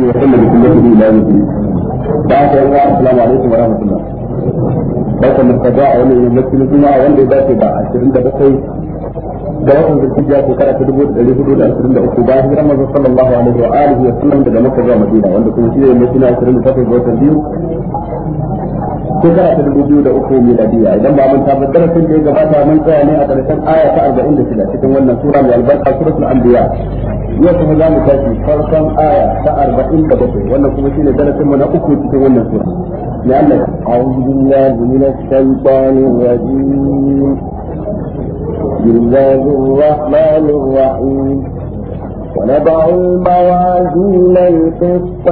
وسلم بسنته الى يوم الدين. بعد الله السلام عليكم ورحمه الله. barkan da kaza a wani yammacin juma'a wanda ya dace da ashirin da bakwai da watan zulhijja shekara ta dubu da ɗari hudu da ashirin da uku bayan hijiran manzon sallallahu alaihi wa alihi wa sallam daga makka zuwa madina wanda kuma shi ne yammacin ashirin da takwas ga watan biyu shekara ta dubu biyu da uku miladiya idan ba mun tabbata darasin da ya gabata mun tsaya ne a ƙarshen aya ta arba'in da shida cikin wannan sura mai albarka suratul anbiya yau kuma za mu tashi farkon aya ta arba'in da bakwai wannan kuma shine darasin mu na uku cikin wannan sura ya Allah a'udhu billahi minash shaitanir rajim بسم الله الرحمن الرحيم ونضع الموازين القسط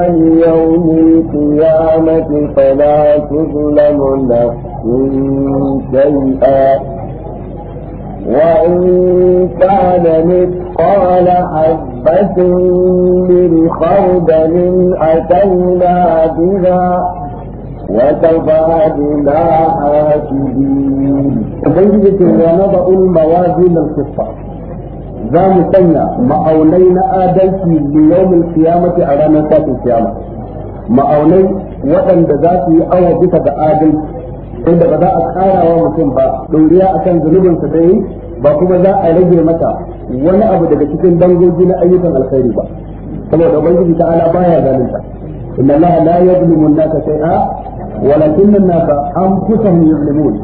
يوم القيامة فلا تظلم نفس شيئا وإن كان مثقال حبة من خردل أتينا بها وكفى بنا حاسبين. ونضع الموازين القسط za mu sanya ma'aunai na adalci liyawmin qiyamati a ranar fatin kiyama ma'aunai waɗanda za su yi awa bisa ga adalci inda ba za a ƙara karawa mutum ba ɗoriya akan zunubin sa dai ba kuma za a rage mata wani abu daga cikin dangogi na ayyukan alkhairi ba saboda ubangiji ta ala baya zalunta inna allaha la yuzlimu an-nasa shay'a walakinna an-nasa anfusahum yuzlimun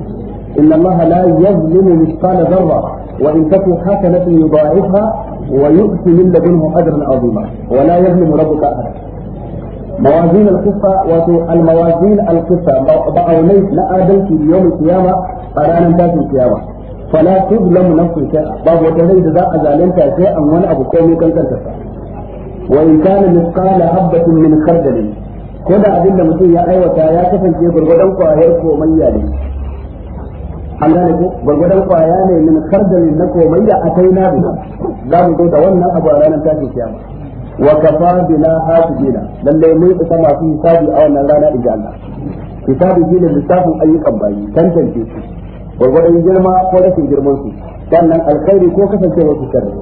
inna allaha la yuzlimu mithqala dharra وإن تكو حسنة يضاعفها ويؤتي من لدنه أجرا عظيما ولا يظلم ربك أحدا موازين القصة وتو الموازين القصة بعوني لا في يوم القيامة أرانا ذات القيامة فلا تظلم نفس شيئا باب وتزيد ذا أزالنت شيئا ولا أبو كومي كنت تنتفع وإن كان مثقال حبة من خردل كل أدلة مسيحة أيوة يا كفن في غرغدن من يالي an gane ko gwargwadon kwaya ne min kardalin na komai da akai na biyu za mu zo da wannan abu a ranar tashin kiyama wa kafa bina hasibina lalle mun isa masu hisabi a wannan rana inda Allah hisabi shine lissafin ayyukan bayi tantance su gwargwadon girma ko rashin girman su sannan alkhairi ko kasancewar su sharri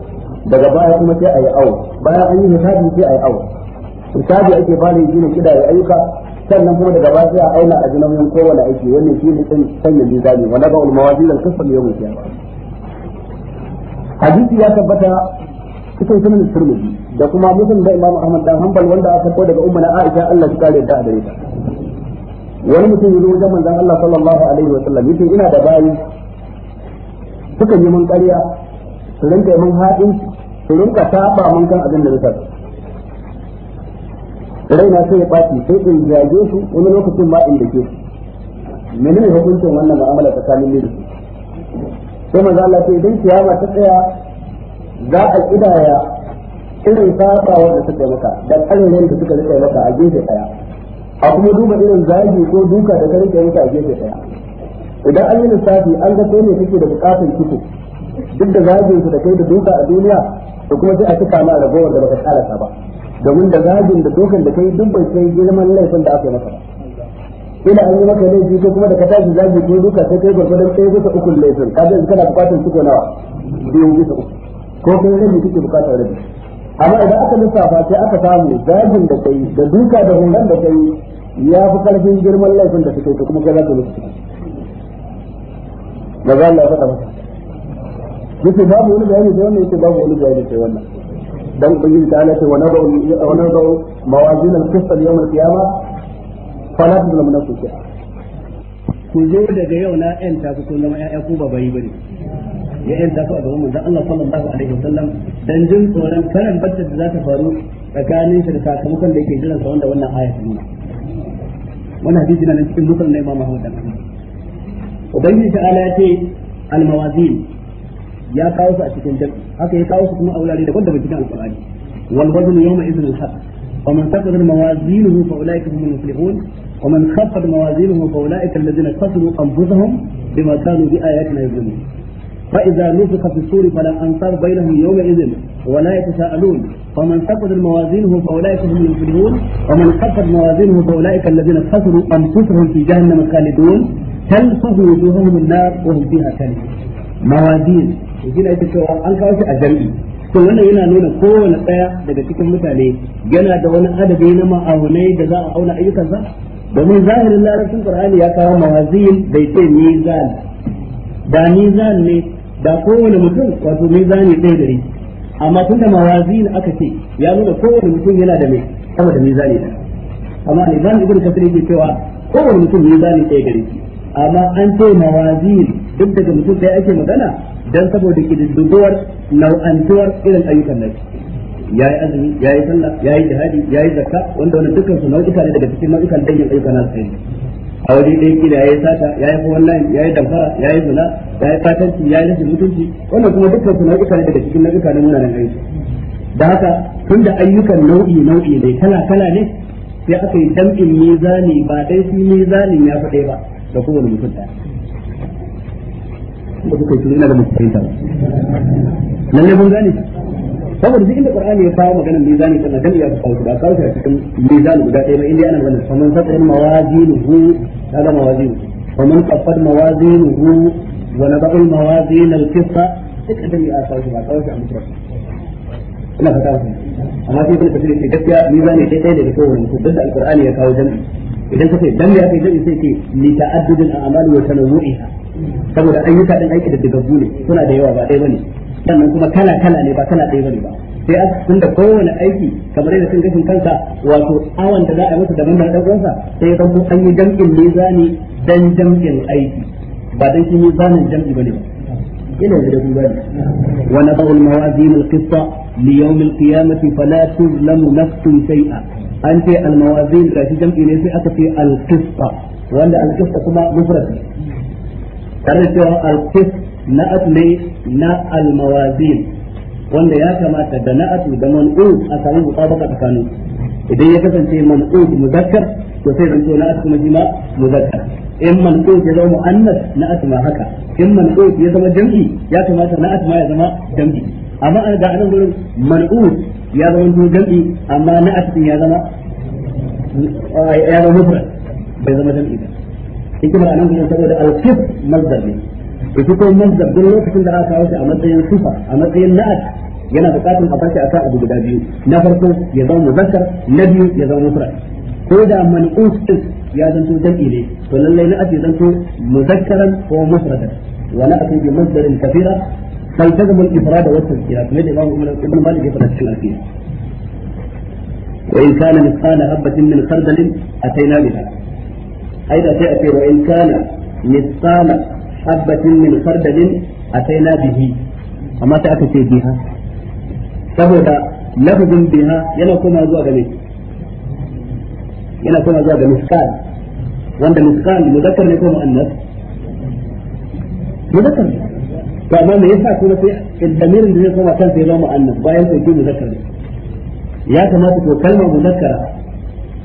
daga baya kuma sai a yi bayan an yi hisabi sai a yi awo hisabi ake bani shine kida ayyuka sannan kuma daga baya sai a auna a jinomin kowane aiki wannan shi ne san sanya mizani wa naba ul da al qism yawm al qiyamah hadisi ya tabbata cikin sunan turmudi da kuma muslim da imam ahmad dan hanbal wanda aka ko daga ummu na aisha Allah ya kare da adare ta wani mutum ya wajen manzon Allah sallallahu alaihi wa sallam yace ina da bayi suka yi mun karya, su rinka mun haɗin su rinka saba mun kan abin da nake raina sai ya ɓaci sai in zage su wani lokacin ma in ke su menene hukuncin wannan mu'amala tsakanin ne da su sai manzo Allah ce idan kiyama ta tsaya za a kidaya irin sabawa da suka yi maka da karin da suka rike maka a gefe daya a kuma duba irin zagi ko duka da ka rika a gefe daya idan an yi lissafi an ga sai ne kake da bukatun kiko duk da zagin su da kai da duka a duniya to kuma sai a cika ma ragowar da baka tsara ba domin da zagin da dokan da kai dubban sai girman laifin da aka yi maka ina an yi maka laifi ko kuma da ka tashi zagi ko duka sai kai gwargwadon ɗaya bisa uku laifin ka in kana bukatar suko nawa biyu bisa uku ko kai rabi kike bukatar rabi amma idan aka lissafa sai aka samu zagin da kai da duka da hungan da kai ya fi karfin girman laifin da suke kuma kai za ka lissafa da za Allah ya faɗa maka Yake babu wani bayani sai wannan yake babu wani bayani sai wannan dan ubangiji ta ce wa wa mawazin al-qist al-yawm al fala ku zo daga yau na ƴan ta ku zama ƴaƴa ku ba bari bane ya ƴan ta ku a gaban manzon Allah sallallahu alaihi wasallam dan jin tsoron karan bacci da za ta faru tsakanin shi da sakamakon da yake jiran sa wanda wannan aya ta nuna wannan hadisi na cikin musulmai Imam Ahmad dan Ubangiji ta ala ce al-mawazin ya kawo su a cikin jami'i haka ya kawo su kuma a wurare daban-daban cikin alqur'ani wal wazn yawma idhin al ومن ثقلت موازينه فاولئك هم المفلحون ومن خفت موازينه فاولئك الذين خسروا انفسهم بما كانوا باياتنا يظلمون فاذا نفخ في الصور فلا انصار بينهم يومئذ ولا يتساءلون ومن ثقلت موازينه فاولئك هم المفلحون ومن خفت موازينه فاولئك الذين خسروا انفسهم في جهنم خالدون تلفظ وجوههم النار وهم فيها كالحون mawadin to shi da ake cewa an kawo shi a jami'i to wannan yana nuna kowane tsaya daga cikin mutane yana da wani adadi na ma'aunai da za a auna ayyukansa domin zahirin larabcin qur'ani ya kawo mawazin bai ce mizan da mizan ne da kowane mutum wato mizani ɗaya gare amma tun da mawazin aka ce ya nuna kowane mutum yana da mai sama da mizani da amma mizan ibn kasir yake cewa kowane mutum mizani ɗaya gare amma an ce mawazin duk daga mutum sai ake magana dan saboda kididduguwar nau'antuwar irin ayyukan nashi ya yi azumi ya yi sallah ya yi jihadi ya yi zakka wanda wani dukkan su nau'uka ne daga cikin nau'ukan dangin ayyukan nasu kai a waje ɗaya kila ya yi sata ya yi layin ya yi damfara ya yi zina ya yi fatanci ya yi rashin mutunci wannan kuma dukkan su nau'uka ne daga cikin nau'uka na munanan aiki. da haka tun da ayyukan nau'i nau'i ne kala kala ne sai aka yi damɗin mizani ba dai su mizanin ya faɗe ba da kowane mutum ɗaya da kuka yi ina da mutum ta ne mun gane saboda duk inda qur'ani ya kawo maganar mizani kan dan ya kawo da kawo shi cikin mizani guda ɗaya ba inda ana wannan faman mawazinu hu kaga mawazinu faman mawazinu hu wa nabal mawazin al-qisṭa duk inda ya kawo shi ba kawo shi a mutum ina fata ku amma sai kun tafi da gaskiya mizani dai ɗaya daga kowane mutum duk da alqur'ani ya kawo jami'i idan ka ce dan ya kai jami'i sai ce li ta'addudil a'mal wa tanawu'iha saboda ayyuka din aiki da digaggu ne suna da yawa ba ɗaya bane sannan kuma kala kala ne ba kala ɗaya bane ba sai a tun da kowane aiki kamar yadda sun gashin kansa wato awan da za a yi masa daban da na ɗaukansa sai ya ɗauko an yi jam'in mizani dan jam'in aiki ba dan shi mizanin jam'i bane ba إلى غير ذلك ونضع الموازين القسط ليوم القيامة فلا تظلم نفس شيئا أنت الموازين لا تجمع إليه أتفي القسط وأن kuma كما ne. tare cewa alkis na'at ne na almawazin wanda ya kamata da na'atu da man'u a samu mutabaka tsakanin idan ya kasance man'u muzakkar to sai zanto na'at kuma jima muzakkar in man'u ya zama mu'annas na'at ma haka in man'u ya zama jam'i ya kamata na'at ma ya zama jam'i amma an ga anan gurin man'u ya zama jam'i amma na'at ya zama ya zama mufrad bai zama jam'i ba hikimar nan gurin saboda alqis mazdar ne ita ko mazdar duk lokacin da aka kawo shi a matsayin sifa a matsayin na'at yana buƙatar a bashi akan abu guda biyu na farko ya zama muzakkar na biyu ya zama mufrad ko da man'us din ya zanto jam'i ne to lallai na'at ya zanto muzakkaran ko mufradan wa na'at bi mazdarin kathira فالتزم الافراد والتذكير كما يقول الامام ابن مالك في الاشكال فيه وان كان مثقال حبه من خردل اتينا بها ai da sai a ce wa in kana misqala habatin min khardalin ataina bihi amma sai aka ce biha saboda lafazin biha yana koma zuwa ga yana koma zuwa ga misqal wanda misqal muzakkar ne ko muannas muzakkar to amma me yasa kuma sai damirin da zai koma kan sai zama muannas bayan sai ki muzakkar ya kamata ko kalmar muzakkara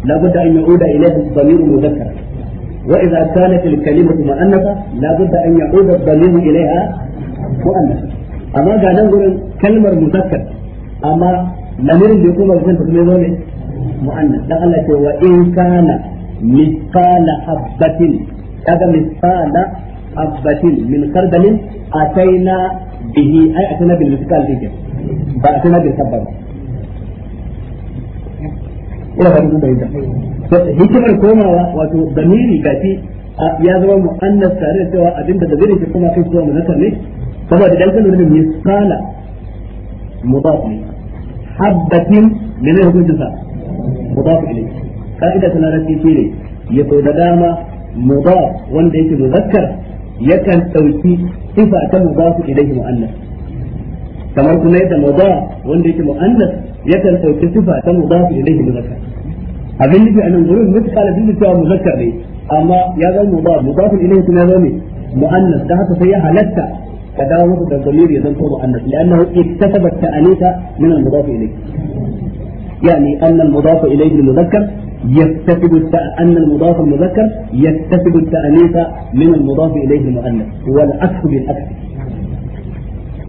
la budda an yu'uda ilayhi damirin وإذا كانت الكلمة مؤنثة لابد أن يعود الضمير إليها مؤنثة أما قاعد نقول كلمة مذكر أما لمير بيكون موجود في الميزان مؤنث ده يقول وإن كان مثقال حبة هذا مثقال حبة من خردل أتينا به أي أتينا بالمثقال به فأتينا بالخبر إلى hikimar komawa wato damiri gafi ya zama mu'annas tare da cewa abinda da zai kuma kai zuwa munakar ne saboda dan kan da misala mudaf ne habbatin min hukuncin sa mudaf ilay kaida tana da shi ne ya da dama mudaf wanda yake muzakkar yakan dauki sifa ta mudaf ilayhi mu'annas kamar kuma yadda mudaf wanda yake mu'annas yakan dauki sifa ta mudaf ilayhi muzakkar هذا اللي بيعنى نقوله مثل قال بيجي تواب مذكر لي أما يا ذا المضاف مضاف إليه كنا ذاني مؤنث ذهب صيحة لسا كذا هو مثل الضمير يزن فوضع مؤنث لأنه اكتسب التأنيس من المضاف إليه يعني أن المضاف إليه المذكر يكتسب أن المضاف المذكر يكتسب التأنيس من المضاف إليه المؤنث هو الاكثر بالأكف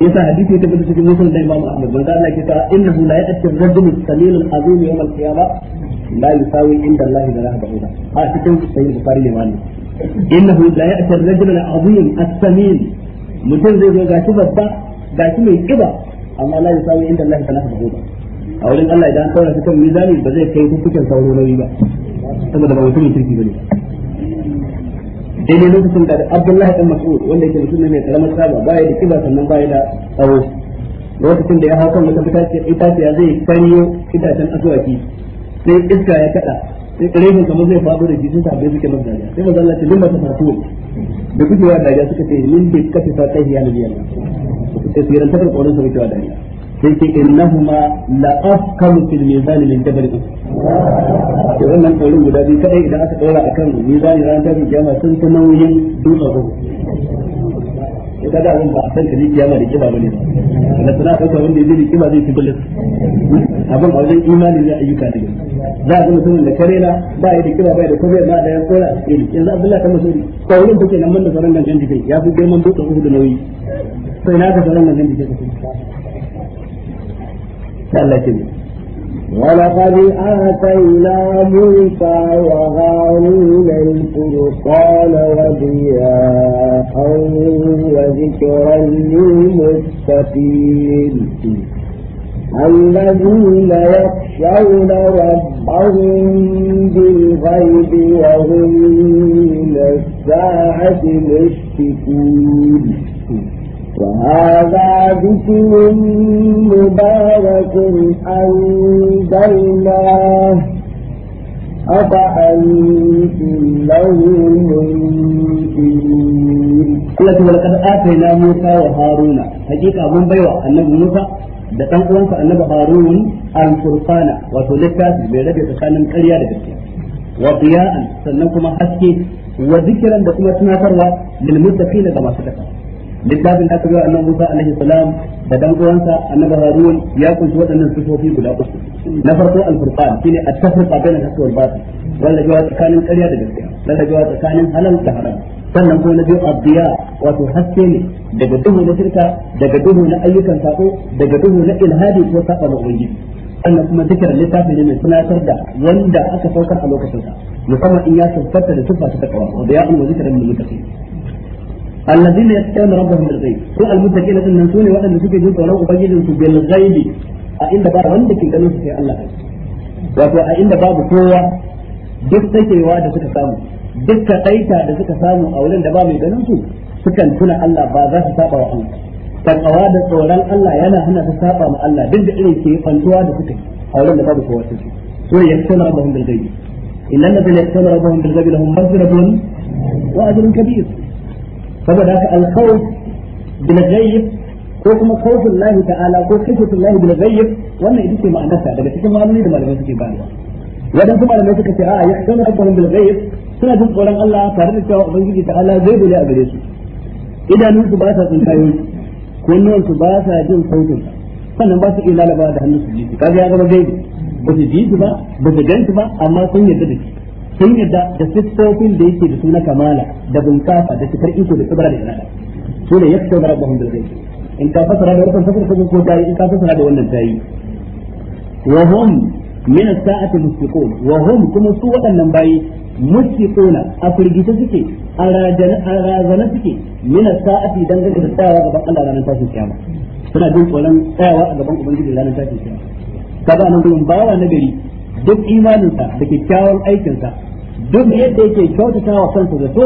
yasa hadisi ta tabbata cikin musulun da imamu ahmad manzo Allah ke ta innahu la ya'ti ar salil al-azim yawm al-qiyamah la yusawi inda Allah da rahaba huda a cikin sahih bukhari ne wannan innahu la ya'ti ar al-azim as-samil mutum zai zo gashi babba gashi mai kiba amma la yusawi inda Allah da rahaba huda a wurin Allah idan an tsara shi mizani ba zai kai hukuncin sauro nauyi ba saboda ba mutumin kirki bane daidai lokacin da Abdullahi dan Mas'ud wanda yake mutum ne mai karamar saba baya da kiba sannan baya da tsawo lokacin da ya hau kan wata itaciya zai karyo itacen asuwaki sai iska ya kada sai karefin kamar zai faɗo da jisun sabbai suke nan daga sai maza Allah ce ta fatuwa da kuke wa dariya suka ce min bai kafe fa ya nabi Allah sai su yi rantakar ƙaurin sa muke wa sai ce innahuma la afkalu fil mizan min jabal uhud to wannan kaurin guda biyu kai idan aka daura akan mizan ran da kiyama sun ta nauyin dutsen ruhu ita da abin ba a san ni kiyama da kiba bane na sana ɗauka wanda ya da kiba zai fi bullet abin a wajen imani ne ayyuka da za a ga mutumin da karela ba ya da kiba ba ya da kobe ba da ya kora a yanzu abdullahi ta masuri kaurin take nan da sauran da jikai ya fi girman dutsen da nauyi sai na ga sauran gangan jikai ثلاثين ولقد آتينا موسى وهارون الفرقان وضياء وذكرا للمتقين الذين يخشون ربهم بالغيب وهم من الساعة مشركون وهذا ذكر مبارك أنزلناه أفأنتم له منكرون ولقد آتينا موسى وهارون حقيقة من بيوى النبي موسى da ɗan uwansa annabi Harun al-Furqana wato littafi mai rabe tsakanin ƙarya da gaskiya wa biya'an sannan kuma haske wa zikiran da kuma tunatarwa lil muttaqina ga masu takawa littafin da aka biya annabi Musa alaihi salam da dan uwansa annabi Harun ya kunshi waɗannan sifofi guda uku na farko al-furqan shine at-tafriqa bainal haqqi wal batil wanda jawa tsakanin ƙarya da gaskiya wanda jawa tsakanin halal da haram sannan kuma na biyu abdiya wato haske ne daga duhu na shirka daga duhu na ayyukan sako daga duhu na ilhadi ko saba ma ubangiji sannan kuma zikir littafi ne mai tunatar da wanda aka saukar a lokacin sa musamman in ya tabbata da sifa ta takawa wa bayan wa zikrin lil الذين يتقون ربهم بالغيب سوء المتقين ان نسوني وان نسوك يجون ولو ابيدهم بالغيب أئن با وندك يقولون في الله wato a inda babu kowa duk sakewa da suka samu duk kaɗaita da suka samu a wurin da ba mai ganin su sukan tuna Allah ba za su saba wa Allah da tsoron Allah yana hana su saba ma Allah duk da irin ke fantuwa da suka yi a wurin da babu kowa su so ya tsana kabir saboda haka alkhawf bil ghaib ko kuma khawful lahi ta'ala ko khashyatul lahi bil ghaib wannan ita ce ma'anar ta daga cikin ma'anoni da malamai suke bayarwa wadan kuma malamai suka ce a ya kana akwai bil ghaib suna jin tsoron Allah tare da cewa ubangiji ta'ala zai dole a gare su idanun su ba sa tsinkayo kunnuwan su ba sa jin sautin sannan ba su iya lalaba da hannun su ji kaga ya zama gaibi ba su ji ba ba su ganta ba amma sun yarda da shi sun yadda da siffofin da yake da su na kamala da bunƙasa da cikar iko da kubra da inada su ne yakta da hundar bil ghaib in ka fasara da wannan fasara ko tayi in ka fasara da wannan tayi wa hum min as-sa'ati musfiqun wa hum kuma su waɗannan bayi musfiquna a firgita suke a razana suke min as-sa'ati dangane da tsayawa gaban Allah ranar tashin kiyama suna jin tsoron tsayawa a gaban ubangiji ranar tashin kiyama kaga nan gurin bawa na gari duk imaninsa da kyakkyawan aikinsa duk yadda yake kyautata wa kansa zato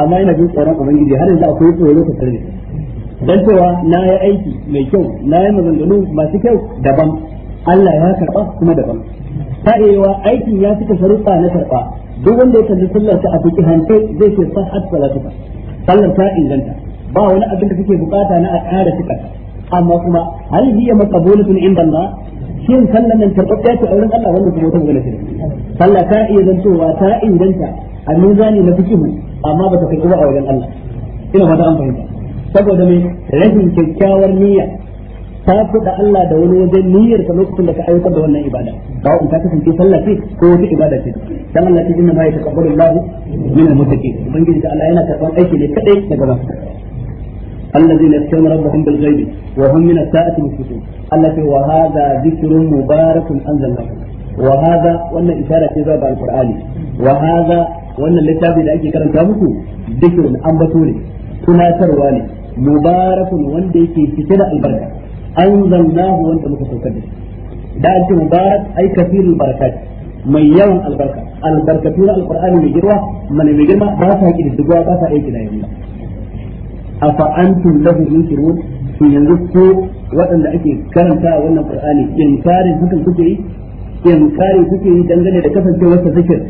amma yana jin tsoron ubangiji har yanzu akwai tsoro ta tare dan cewa na yi aiki mai kyau na yi maganganu masu kyau daban Allah ya karba kuma daban ta'ewa aikin ya cika sharuɗa na karba duk wanda ya kalli sallar ta a fiki hantai zai ce sahat salatuka sallar ta inganta ba wani abin da kake bukata na a ƙara cika amma kuma hal hiya maqbulatun inda Allah shin sallan nan karɓaɓɓiya ce a wurin Allah wanda kuma wata magana ce sallah ta iya zantowa ta inganta a mizani na fikihu amma ba ta karɓi ba a wajen Allah ina fata an fahimta saboda mai rashin kyakkyawar niyya ta da Allah da wani wajen niyyar ka lokacin da ka aiwatar da wannan ibada ba in ka kasance sallah ce ko wata ibada ce dan Allah ce inna ma yataqabbalu Allahu min al-muttaqin ubangiji ta Allah yana karɓan aiki ne kadai daga ba الذين يخشون ربهم بالغيب وهم من الساعة مشركون التي وهذا ذكر مبارك أنزلناه وهذا وأن إشارة باب القرآن وهذا وأن الكتاب إذا أجي كرم تابوكو ذكر أنبتوني كنا ترواني مبارك وندي في ستنا البركة أنزلناه وأنت مكسوكا da ake mubarak ai kafirul barakat mai yawan albarka albarkatu na alqur'ani mai girma mana mai girma ba sa kididdigwa ba sa aiki da yamma afa antum lahu munkirun shin yanzu ko waɗanda ake karanta a wannan qur'ani inkarin hakan kuke yi inkari kuke yi dangane da kasancewar sa zikir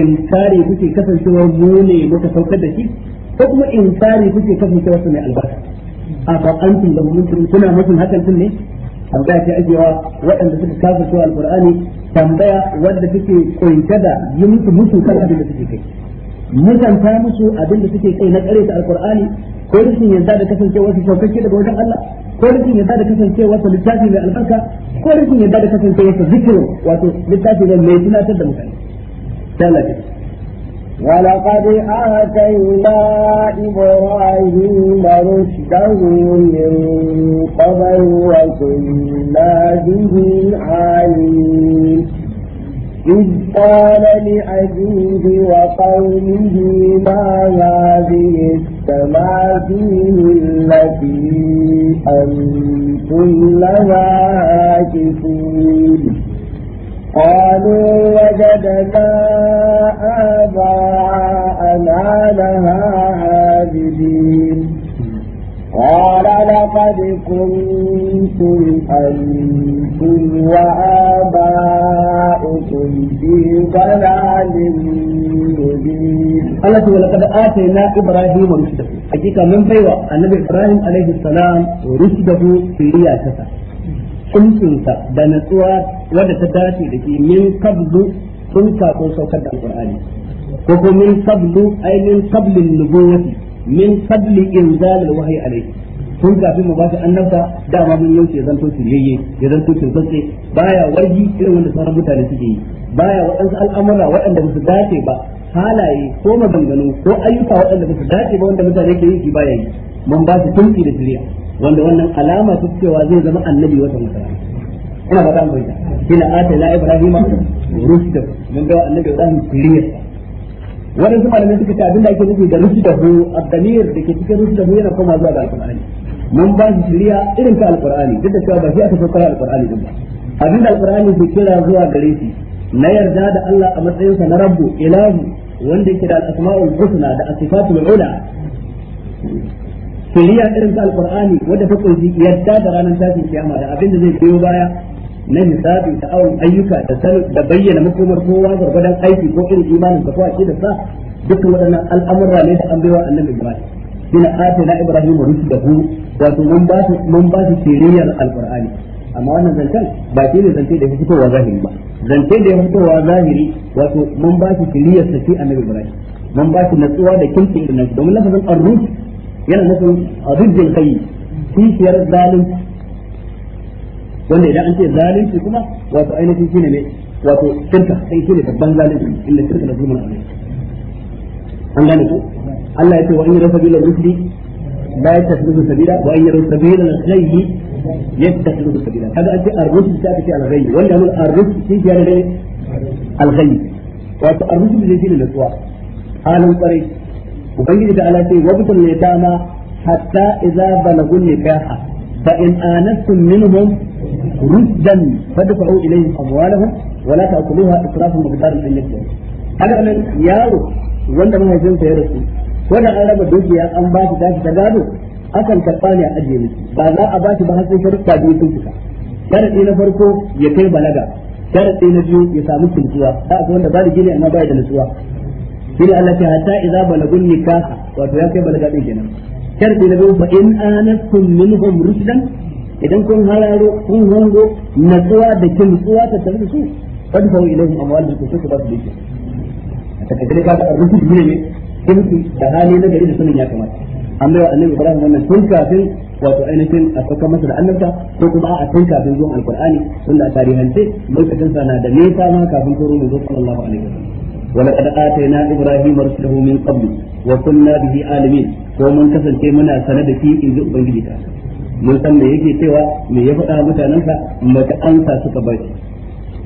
inkari kuke kasancewar mu ne muka saukar da shi ko kuma inkari kuke kasancewar sa mai albarka afa antum lahu munkirun kuna mutum hakan din ne tambaya ce ake wa waɗanda suka kasancewa al alqur'ani tambaya wadda suke koyta da yi musu musu kan abin da suke kai mutanta musu abin da suke kai na kare ta alqur'ani ko rashin yarda da kasancewa su saukakke daga wajen Allah ko rashin yarda da kasancewa su littafi mai albarka ko rashin yarda da kasancewa su zikirin wato littafi ne mai tunatar da mutane sai ولقد آتينا إبراهيم رشده من قبل وكنا به عالمين إذ قال لأبيه وقومه ما هذه التماثيل التي أنتم لها عاكفون قالوا وجدنا آباءنا لها عابدين قال لقد كنتم أنتم وآباؤكم في ضلال مبين الله تعالى لقد آتينا إبراهيم رشده حقيقة من بيوة النبي إبراهيم عليه السلام رشده في رياسته كنتم da natsuwa ودى ta لكي من قبل min kablu sun kafin saukar da alƙur'ani أي من قبل النبوة min qabli inzal alwahyi alayhi kun kafin mu bashi annabta dama mun yaushe zan to shiryayye ya zan to shirtsatse baya wargi irin wanda sauran mutane suke yi baya waɗansu al'amura waɗanda ba su dace ba halaye ko maganganu ko ayyuka waɗanda ba su dace ba wanda mutane ke yi shi baya yi mun ba su tunki da shirya wanda wannan alama ta cewa zai zama annabi wata mutane ina ba ta amfani ina ata la ibrahima rushda mun ga annabi ibrahim shirya waɗansu malamai suka ce abinda ake nufi da da hu, damir da ke cikin hu yana koma zuwa ga alqur'ani mun ba shi shiriya irin ta alqur'ani duk da cewa ba shi aka saukar alqur'ani din ba abinda alqur'ani ke kira zuwa gare shi na yarda da Allah a matsayinsa na rabbu ilahu wanda yake da al-asma'ul husna da as ula shiriya irin ta alqur'ani wanda ta kunshi yarda da ranar tashin kiyama da abinda zai biyo baya na hisabi da awon ayyuka da da bayyana makomar kowa gwargwadon aiki ko irin imanin sa kowa a da sa dukkan waɗannan al'amura ne da an baiwa annabi Ibrahim ina atina Ibrahim rusulahu wato mun ba su mun ba su shiriyar alqur'ani amma wannan zancen ba shi ne zance da ya fitowa zahiri ba zance da ya fitowa zahiri wato mun ba shi shiriyar sa shi annabi Ibrahim mun ba shi natsuwa da kinki irin nan domin lafazin ar-rus yana nufin ar-rujul kayyi kishiyar zalunci wanda idan an ce zalunci kuma wato ainihin shine ne wato shirka kai shine babban zalunci inda shirka da zulmun azim an gane ko Allah ya ce wa in yara sabila rusli la yattakhidhu sabila wa in yara sabila al-ghayyi yattakhidhu sabila kaga an ce ar-rusl ta ce al wanda mun ar-rusl shi ke da al-ghayyi wato ar-rusl da shine nutsuwa halin kwarai ubangiji da Allah ce wa bitul ne hatta idza balagun nikaha fa in anastum minhum رشدا فادفعوا اليهم اموالهم ولا تاكلوها اسرافا وبدارا ان يكبروا هذا من يارو wanda mahaifinsa ya rasu ko da an raba dukiya an ba shi ta gado akan karɓa ne a ajiye miki ba za a ba shi ba har sai sharuɗa biyu sun fita sharaɗi na farko ya kai balaga sharaɗi na biyu ya samu tuntuwa da akwai wanda ba gini amma ba da nutsuwa shi ne Allah ta hatta idza balagun nikaha wato ya kai balaga din kenan sharaɗi na biyu fa in anastum minhum rushdan idan kun hararo kun hango natsuwa da kintsuwa ta tare da su Ilahi amma amwal da kuke ba su dake ta kace ka da rubutu ne ne kinki da hali na gari da sunan ya kamata an bai wa annabi ibrahim wannan tun kafin wato ainihin a saka masa da annabta ko kuma a tun kafin zuwan alqur'ani tunda tarihance mai sa na da nesa ma kafin turo mai zuwa sallallahu alaihi wasallam ولقد آتينا إبراهيم رشده من قبل وكنا به عالمين ومن كسل كي منا سندك إن جئ بنجدك mun san me yake cewa me ya faɗa mutanensa mata ansa suka bashi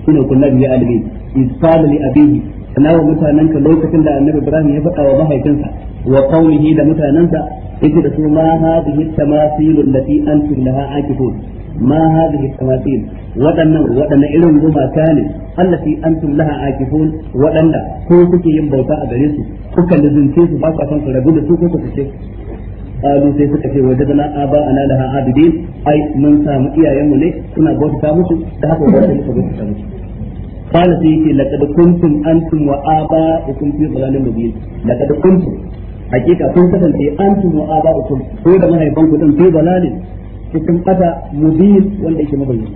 shine kunna bi alimi isfala li abihi kana wa mutanen mutanenka lokacin da annabi ibrahim ya faɗa wa mahaifinsa wa qaumihi da mutanen ka yake da su ma hadhihi tamasil allati antum laha akifun ma hadhihi tamasil wadannan wadannan irin gumaka ne allati antum laha akifun wadanda ko kuke yin bauta a gare su kuka lazunce su ba ku san ku rabu da su ko ku fice kalu sai suka ce wajadna aba ana laha abidin ai mun samu iyayenmu ne suna bauta musu da haka ba sai suka bauta musu laqad kuntum antum wa aba ukum fi ضلال مبين laqad kuntum hakika kun kasance an wa aba ukum ko da mahaifan ku din fi dalalin cikin kada mubin wanda yake mabayyana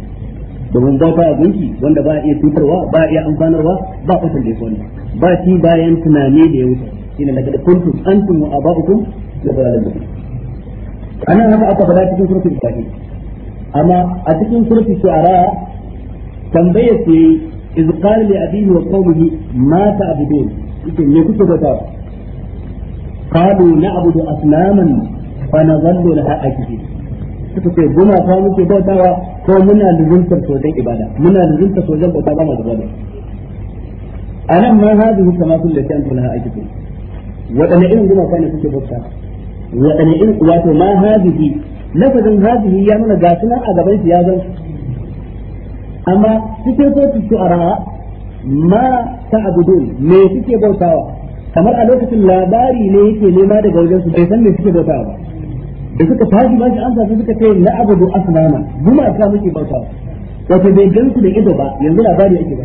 domin ba ba gunki wanda ba iya tutarwa ba iya amfanarwa ba kasan da yake ba shi bayan tunani da ya wuce shine laqad kuntum antum wa aba'ukum da dalalin Ana haka aka faɗa cikin suratul kafi amma a cikin suratul shu'ara tambaya ce iz qala li abihi wa qawmihi ma ta'budun yake me kuke bata na qalu na'budu aslaman fa nadhallu laha akifin suka ce guna ta muke bautawa ko muna luluntar sojan ibada muna luluntar sojan bauta ba mu da A nan ma hadihi kama kullu shay'in laha akifin Waɗanne irin guna ta ne kuke bautawa waɗanne irin wato ma hadihi lafazin hadihi ya nuna ga a gaban shi ya zan amma cikin sautin shu'ara ma ta'budun me suke bautawa kamar a lokacin labari ne yake nema daga wajen su bai san me suke bautawa ba da suka tashi ba shi amsa suka ce na abudu asnama gumaka muke bautawa wato bai gansu da ido ba yanzu labari yake ba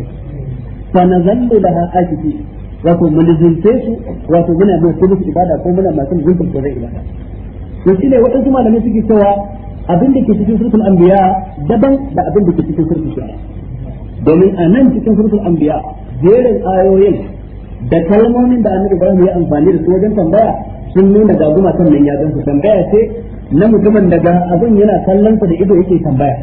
fa nazallu laha akifi wato mu su wato muna mai su ibada ko muna masu zuntar ko zai ibada to shi ne waɗansu malamai suke cewa abin da ke cikin surtul anbiya daban da abin da ke cikin surtul shi'a domin a nan cikin surtul anbiya jerin ayoyin da kalmomin da annabi Ibrahim ya amfani da su wajen tambaya sun nuna ga kan nan ya gansu tambaya ce na mutumin daga abin yana kallon da ido yake tambaya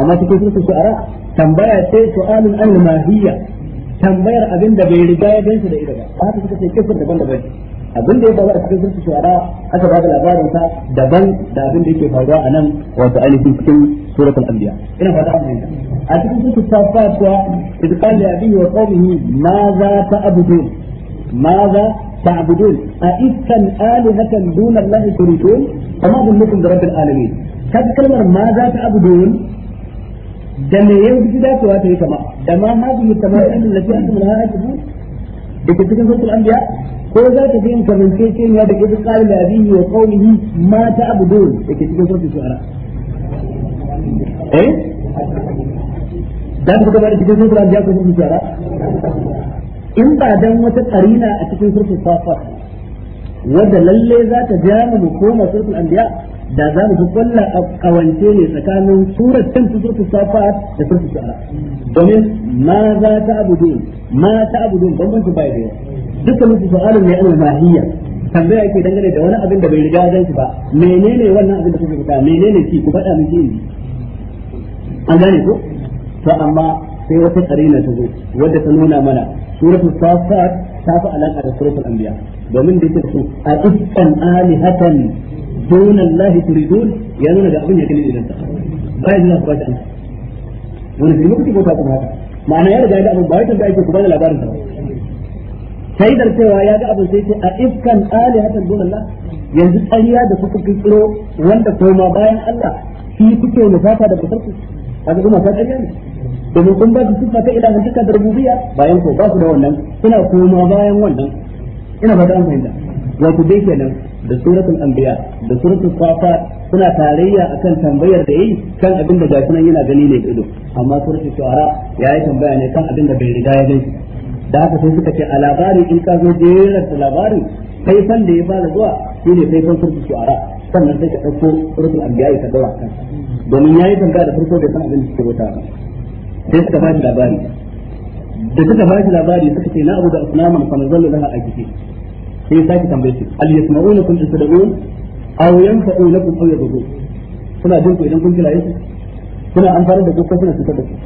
amma cikin surtul shi'a tambaya ce su'alun al-mahiyya tambayar abin da bai riga ya gansu da ido ba haka suka ce kifin daban-daban abin da ya faru a cikin sun shuhara aka ba da labarin sa daban da abin da yake faruwa a nan wato ainihin cikin suratul anbiya ina fata an fahimta a cikin sun safa kuwa idqal li abihi wa qawmihi ma za ta'budun ma za ta'budun a iskan alihatan dun Allah turidun kama bunnukum rabbil alamin kad kalmar ma za ta'budun da me da bi cewa ta yi kama da ma hadhihi yi allati antum laha atbu da ke cikin suratul anbiya ko za ta bi in karance ce ne da ke cikin qalil abihi wa qawlihi ma ta'budun da ke cikin suratul shu'ara eh dan ku gaba da cikin suratul anbiya ko su shu'ara in ba dan wata karina a cikin suratul safa wadda lalle za ta jami mu koma an anbiya da za mu fi kwalla a kawance ne tsakanin surar can su surtu safa da surtu sa'a domin ma za ta abudun ma ta abudun bambancin bai da yawa dukkan su su'alun ne an mahiyya tambaya yake dangane da wani abin da bai riga zan ba menene wannan abin da kuke fita menene ki ku faɗa min shi an gane ko to amma sai wata karina ta zo wanda ta nuna mana suratul safat ta fi alaka da suratul anbiya domin da yake su a iskan alihatan دون الله تريدون يا نونا ده ابن يكلم إذن بايد الله بايد الله wani sai muku ko ta kuma haka ma'ana ya riga da abin ba ya tambaya ake ku bada labarin sa sai da cewa ya ga abin sai ce a ifkan alihatan dun Allah yanzu tsariya da kuka kiro wanda koma bayan Allah shi kuke nufata da kusurku a ga kuma ta tsariya ne domin kun ba su siffa ta ilahin duka da rububiyya bayan ko ba su da wannan suna koma bayan wannan ina ba da an fahimta wato dai kenan da suratul anbiya da suratul safa suna tarayya akan tambayar da yi kan abin da gashi nan yana gani ne da ido amma suratul shu'ara yayi tambaya ne kan abin da bai riga ya gani da haka sai suka ce a labarin in ka zo jerar labarin sai san da ya fara zuwa shine sai san suratul shu'ara sannan sai ka dauko suratul anbiya ka dawo kan domin yayi tambaya da farko da san abin da suke bauta sai suka ba shi labari da suka ba shi labari suka ce na abu da usman fa nazalla laha ajiki sai sai tambaye shi al yasma'una kun tad'un aw yanfa'u lakum aw yadurun kuna jin ku idan kun kira yesu kuna amfani da kuka kuna cutar da ku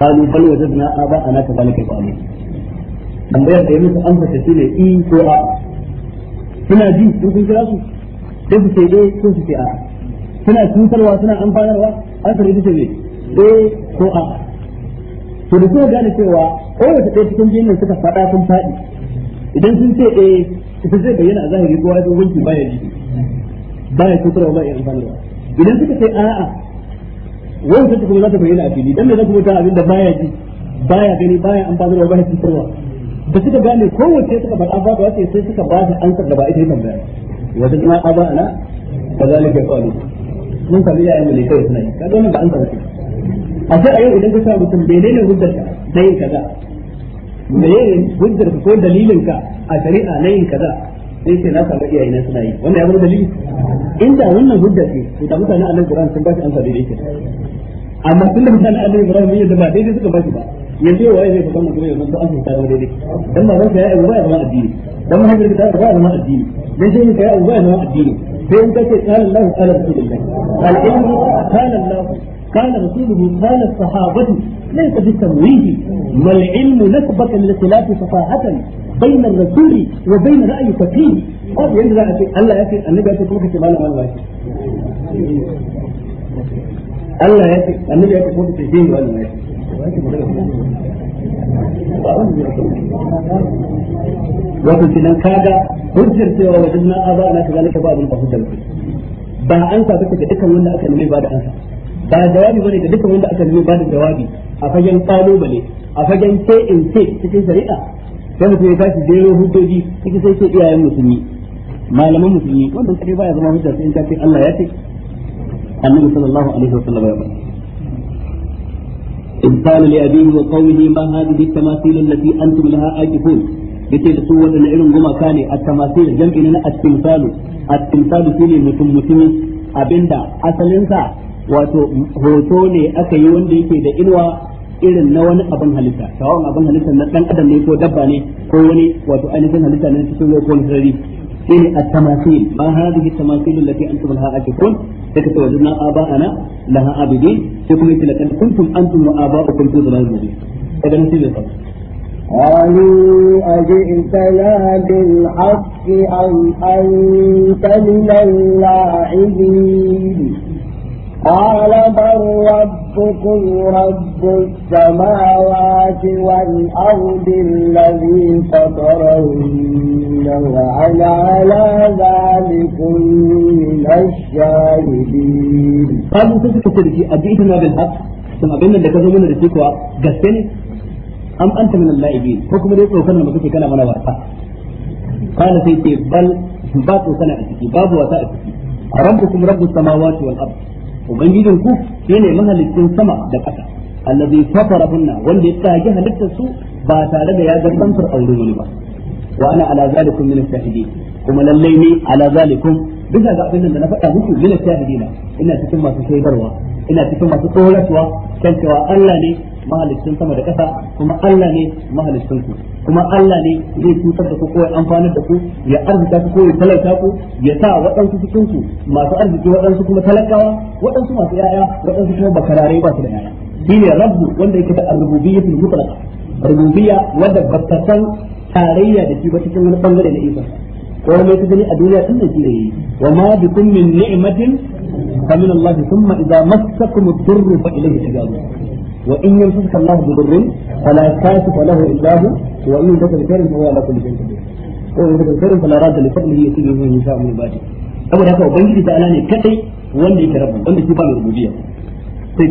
kalu bal wajadna aba ana ka zalika ba ne tambayar da yake an fata shi ne i ko a kuna ji in kun kira su sai su ce eh ko su ce a kuna cutarwa suna amfanarwa asali ita ce ne eh ko a to da kuma gane cewa kowace ɗaya cikin jinin suka faɗa sun faɗi idan sun ce eh ita zai bayyana a zahiri kowa ya wanki baya ji baya tutarwa baya amfanarwa idan suka ce a'a wani sun kuma za ta bayyana a fili dan mai za ku mutu abinda baya ji baya gani baya amfanarwa baya tutarwa da suka gane kowace suka faɗa ba ba sai suka ba ta ansar da ba ita yi tambaya wajen ina ba ana kazalika kwalo mun tabi ya mu ne kai suna yi kaga wannan ba an tabbata a sai a yau idan ka sa mutum menene hujjar ka dai kaza me ne hujjar ko dalilin ka a shari'a na yin kaza sai ce na samu iyaye na suna yi wanda ya zama dalili inda wannan hujja ce to da mutane a nan Qur'an sun ba shi amsa daidai ke amma sun da mutane a nan Ibrahim ne da ba daidai suka ba shi ba yanzu yau waye zai fita mutum ya zama an fita ba daidai dan ma zan kai abu ba ya zama addini dan ma hajjar ta ba ya zama addini dan sai kai abu ba ya zama addini sai in kace qala Allahu qala Rasulullah al qala Allahu قال رسوله قال الصحابة ليس بالتمويه ما العلم نسبك للخلاف صفاحة بين الرسول وبين رأي فقيه قال يجرى الله يأتي النبي يأتي الله ko ce wato kinan kaga hujjar cewa wajen na aba ana kaza ne ka ba abin ba hujjar ba an sa take dukkan wanda aka nemi ba da ba jawabi bane da dukkan wanda aka nemi ba da jawabi a fagen bane a fagen ce in ce cikin shari'a sai mutum ya tashi jero hujjoji cikin sai ce iyayen musulmi malaman musulmi wanda suke baya zama hujja sai in ka ce Allah ya ce annabi sallallahu alaihi wasallam ya faɗa إذ قال لأبيه وقومه ما هذه التماثيل التي أنتم لها آكفون yace da su waɗanne irin gumaka ne a tamasir jam'i na at-timsalu at-timsalu shine mutum mutumi abinda asalinsa wato hoto ne aka yi wanda yake da inuwa irin na wani abin halitta shawon abin halitta na dan adam ne ko dabba ne ko wani wato ainihin halitta ne cikin ko wani sarari shine at-tamasil ma hadhihi at-tamasil allati antum laha akifun daga ta wajina aba'ana laha abidin sai kuma yake lakan kuntum antum wa aba'ukum fi dhalalin mubin kaga nan sai قالوا أجئتنا بالحق أم أنت من اللاعبين قال بل ربكم رب السماوات والأرض الذي فطرهن وأنا على ذلك من الشاهدين قالوا تسكت لكي أجئتنا بالحق ثم أبين لك زمن رسيكوا قسن أم أنت من اللاعبين حكم ريكوا كان لما كنت كان منا وقتا قال سيدي بل باب وسنة أسكي باب وسنة أسكي ربكم رب السماوات والأرض ubangijin ku shine mahalicin sama da ƙasa allazi fatara hunna wanda ya tsage halittar su ba tare da ya garbantar aure wani ba wa ana ala zalikum min shahidi kuma lalle ne ala zalikum bisa ga abin da na faɗa muku min shahidina ina cikin masu shaidarwa ina cikin masu tsoratuwa kan cewa Allah ne mahalicin sama da ƙasa kuma Allah ne mahalicin ku kuma Allah ne zai cutar da ku ko ya amfanar da ku ya arzika ku ko ya talauta ku ya sa waɗansu cikin ku masu arziki waɗansu kuma talakawa waɗansu masu ƴaƴa waɗansu kuma bakararai ba su da ƴaƴa ne rabbu wanda yake da rububiyyatul mutlaqa rububiyya wanda bakkatan tarayya da shi ba cikin wani bangare na isa ko me ta gani a duniya tun da shi ne wa ma bikum min ni'matin فمن الله ثم إذا مسكم الضر فإليه تجارون وإن يمسسك الله بضر فلا كاشف له إلا هو وإن يمسك بخير فهو على كل شيء قدير وإن يمسك بخير فلا راد لفضله يتيم به شاء من عباده saboda haka ubangiji ta ala ne kadai wanda yake rabu wanda shi ba mai rububiyya sai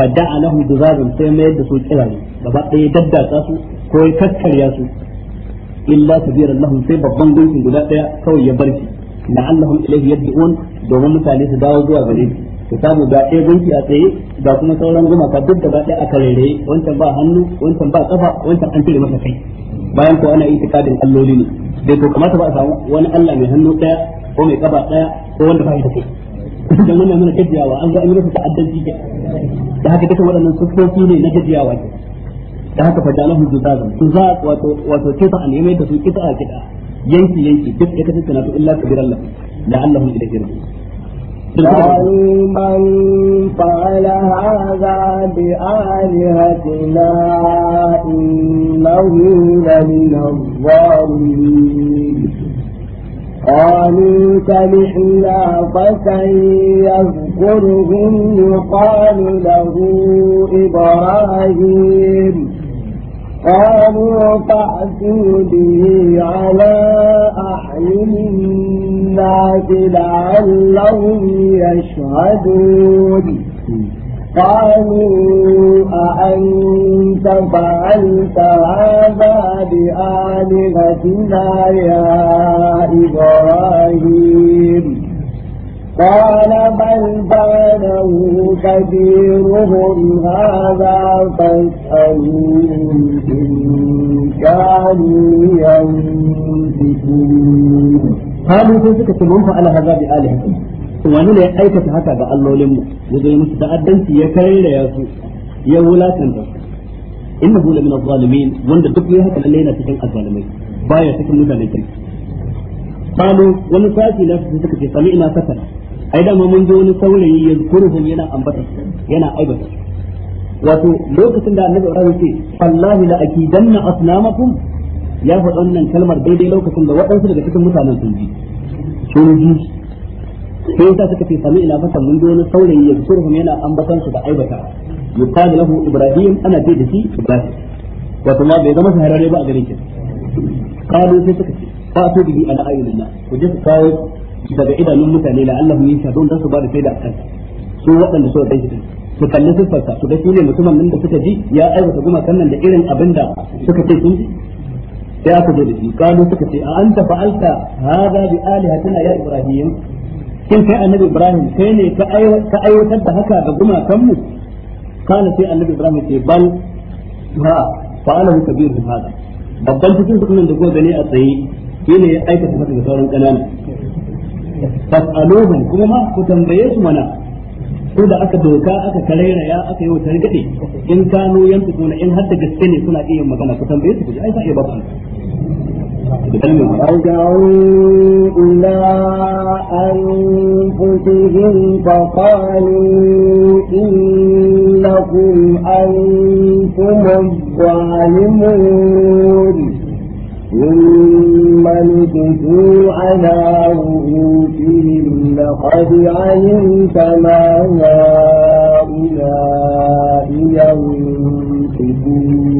fa da'a lahum duzazan sai mayar da su kirare gaba ɗaya daddatsa su ko ya kakkarya su illa kabiran lahum sai babban gunkin guda ɗaya kawai ya barci la'allahum ilayhi yad'un domin mutane su dawo zuwa gare shi ka samu ga ɗaya gunki a tsaye ga kuma sauran gumaka duk gaba ɗaya a karere wancan ba hannu wancan ba kafa wancan an cire masa kai bayan ko ana itikadin alloli ne bai to kamata ba a samu wani Allah mai hannu ɗaya ko mai kafa ɗaya ko wanda ba shi da kai dan wannan mana gajiyawa an ga an rufe ta'addanci ke da haka duka waɗannan sufofi ne na gajiyawa ke da haka fa dalahu juzazan tuzaz wato wato ce ta an yame da su kisa a kida yanki yanki duk ya kasance na to illa kabiran lahu la'allahu ilayhi yarji'un من فعل هذا بآلهتنا إنه لمن الظالمين قالوا سمعنا فتى يذكرهم يقال له إبراهيم قالوا فأتوا به على أحلم الناس لعلهم يشهدون قالوا أأنت فعلت هذا بآلهتنا يا إبراهيم قال بل فعله كبيرهم هذا فاسألوهم إن كانوا ينفقون قالوا كيف تكتبون فعل هذا بآلهتنا wani ne ya aikata haka ga allolinmu ya zo musu ta'addanci ya karya su ya wulatanta innahu lamina zalimin wanda duk ya haka lalle yana cikin azzalimai baya cikin mutane kirki qalu wani sashi na su suka ce sami'na sakar ai da mun zo wani saurayi ya kurhum yana ambata yana aibata wato lokacin da annabi Ibrahim ce wallahi la akidanna asnamakum ya faɗa wannan kalmar daidai lokacin da waɗansu daga cikin mutanen sun ji sun ji sai yasa suka ce sami ila masa mun wani saurayi ya bisurhum yana ambatan su da aibata yuqalu lahu ibrahim ana ce da shi ibrahim wato ma bai zama shahararre ba a gare shi qalu sai suka ce fa to bihi ala ayyulillah ku je su kawo daga idanun mutane la allahum shado da su ba da sai da akan su waɗanda su da shi su kalli siffarsa su da shi ne mutumin nan da suka ji ya aiwata gumakan nan da irin abin da suka ce sun ji sai aka zo da shi qalu suka ce a anta fa'alta hadha bi alihatina ya ibrahim shin kai annabi ibrahim kai ne ka aiwatar da haka ga gumakan mu kana sai annabi ibrahim ke bal ha fa'ala hu kabir min hada babban cikin sunan da goga ne a tsaye shi ne ya aikata masa ga sauran kanana fas'aluhum kuma ma ku tambaye su mana ko da aka doka aka karaira ya aka yi wutar gade in kano yanzu kuna in har da gaske ne kuna iya magana ku tambaye su ku ji ai sai ba ku da kalmar فقالوا إنكم أنتم الظالمون ثم نكسوا على رؤوسهم لقد علمت ما هؤلاء ينفقون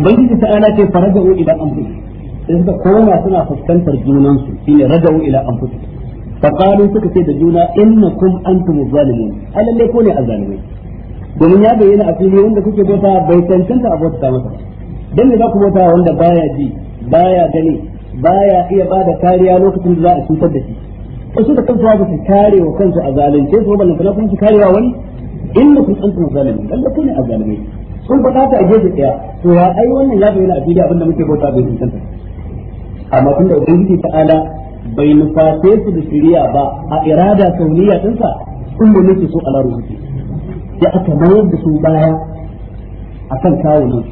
Ubangiji ta'ala ce faraja'u ila anfusihim sai suka koma suna fuskantar junansu shine raja'u ila anfusihim faqalu suka ce da juna in na kun innakum antum zalimun alalle ko ne a azalimai domin ya bayyana a fili wanda kuke bauta bai cancanta a bauta masa dan ne za ku bauta wanda baya ji baya gani baya iya bada kariya lokacin da za a cutar da shi wasu da kansu ba su kare wa kansu a zalunce su ba lantana kuma su karewa wani in na kun an antum zalimun lalle ko ne a azalimai sun faɗa ta a gefe ɗaya to ya ai wannan ya bayyana a fili abinda muke bauta bai cancanta amma tun da ubangiji ta'ala bai nufafe su da shiriya ba a irada sauniya dinsa in da so su laru rubuti ya aka mayar da su baya akan kawunan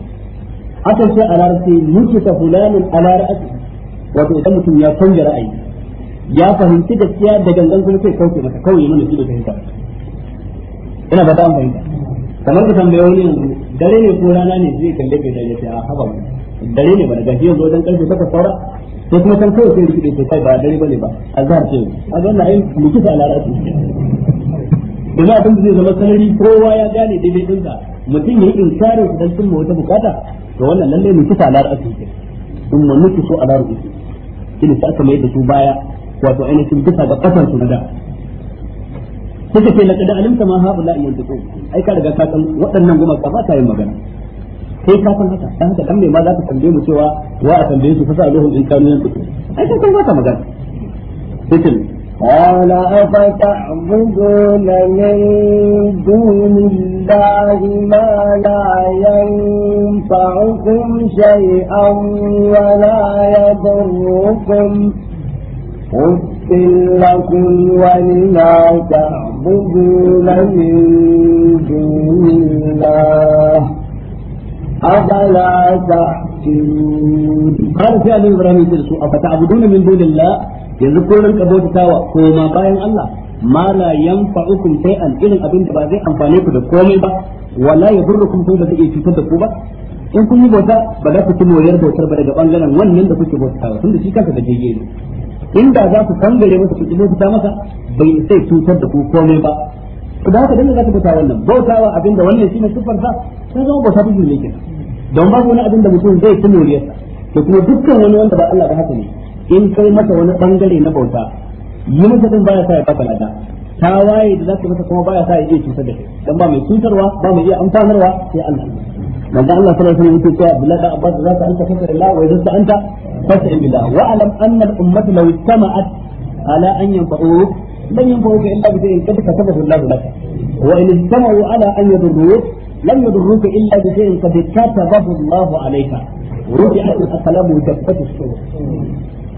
akan sai a larabci nufi ta fulanin ala ra'asi wato idan mutum ya canja ra'ayi ya fahimci gaskiya da gangan sun sai kauce masa kawai mana shi da fahimta ina ba ta an fahimta kamar ka tambaye wani yanzu dare ne ko rana ne zai kalle kai da ya ce a haba mu dare ne ba da gashi yanzu wajen karfe saka saura sai kuma san kawai sai rikide sai kai ba dare bane ba azhar ce a ga ai mutu fa al'arati idan abin da zai zama sanari kowa ya gane daidai din da mutum yayi inkarin su dan cimma wata bukata to wannan lalle mutu ta al'arati ce in mun nufi so al'arati kin sa aka mai da su baya wato ainihin bisa ga kasar su da suka ce da alimta ma haula in yantiqu ai ka riga ka san waɗannan gumaka ba ta yin magana kai ka san haka dan haka dan mai ma za ka tambaye mu cewa wa a tambaye su fasa aluhum in kanu yan kuke ai sai kun haka magana sai قال أفتعبدون من دون الله ما لا ينفعكم شيئا ولا يضركم أفل لكم ولما تعبدون من دون الله أفلا تحكمون قال في أبي إبراهيم تلسوا أفتعبدون من دون الله يذكرون الكبوت تاوى وما باين الله ما لا ينفعكم شيئا إلا أبين تبازي أنفانيكم بكومي با ولا يضركم كل da ku ba. in kun yi bauta ba za ku ci moriyar bautar ba daga bangaren wannan da kuke bautawa tun da shi kansa da jeje ne inda za ku kangare masa ku masa bai sai cutar da ku komai ba da haka dan zaka bauta wannan bautawa abinda wannan shine sifar sa sai zama bauta ta ne kenan don babu wani abin da mutum zai ci moriyarsa to kuma dukkan wani wanda ba Allah ba haka ne in kai masa wani bangare na bauta yi masa din baya sa ya baka lada ta waye da za zaka masa kuma baya sa ya iya cutar da kai dan ba mai cutarwa ba mai iya amfanarwa sai Allah manzo Allah sallallahu alaihi wasallam yake cewa billahi da za zaka anta fasir Allah wa yadda anta fasir billah wa alam anna al-ummah law istama'at ala an yanfa'uk لن ينفعوك إلا بشيء قد كتبه الله لك وإن اجتمعوا على أن يضروك لن يضروك إلا بشيء قد كتبه الله عليك رفعت الأقلام وجفت الصور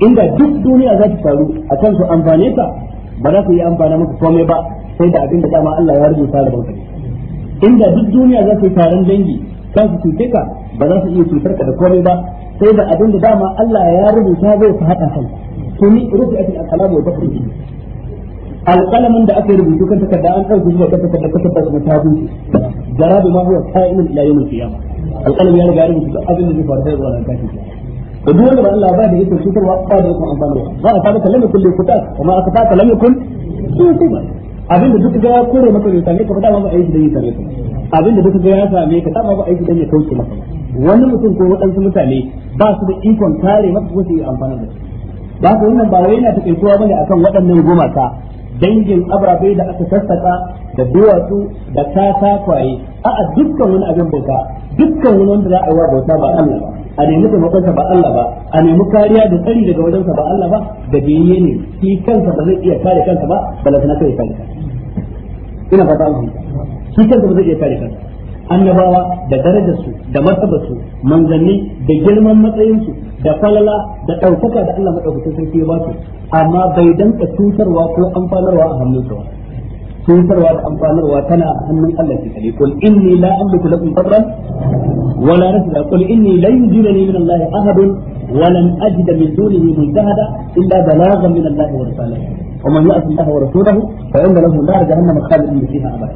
inda duk duniya za ta faru a kan su amfane ka ba za su yi amfana maka komai ba sai da abin da dama Allah ya rubuta da banka inda duk duniya za su yi taron dangi kan su cuce ka ba za su iya cutar ka da komai ba sai da abin da dama Allah ya rubuta zai su haɗa kan tuni rufi a cikin alƙalamu wa tafi alƙalamin da aka yi rubutu kan takarda an ɗauki shi a kan takarda takarda kuma ta bushe jara da ma huwa ka'inun ila yawmin qiyama alƙalamin ya riga ya rubutu duk abin da zai faru sai zuwa nan kashi da duk wanda ba Allah ba da yake cutarwa ba da yake amfani da ba a sabata lam yakun li kutas kuma aka sabata lam yakun abin da duk ga ya kore maka ne same ka ba dama ba aiki da yi same ka da duk ga ya same ka dama ba aiki da ya kauce maka wani mutum ko waɗansu mutane ba su da ikon kare maka ko su yi amfani da su ba ka wannan ba wai yana kowa bane akan waɗannan gumaka dangin abrabe da aka sassaka da duwatsu da katakwaye a'a dukkan wani abin bauta dukkan wani wanda za a yi wa bauta ba Allah ba a nemi taimakonsa ba Allah ba a nemi kariya da tsari daga wajensa ba Allah ba da biye ne shi kansa ba zai iya kare kansa ba balantana kai kare kansa ina fata an shi kansa ba zai iya kare kansa annabawa da darajarsu da martabarsu manzanni da girman matsayinsu da falala da ɗaukaka da Allah maɗaukakin sarki ya ba su amma bai danka tutarwa ko amfanarwa a hannunsa ba tutarwa da amfanarwa tana a hannun Allah ke kale kul inni la amliku lakum darran wala nafsa kul inni lan yujirani min Allah ahadun ولن أجد من دونه مجتهدا إلا بلاغا من الله ورسوله ومن يعص الله ورسوله فإن له نار جهنم خالدا فيها أبدا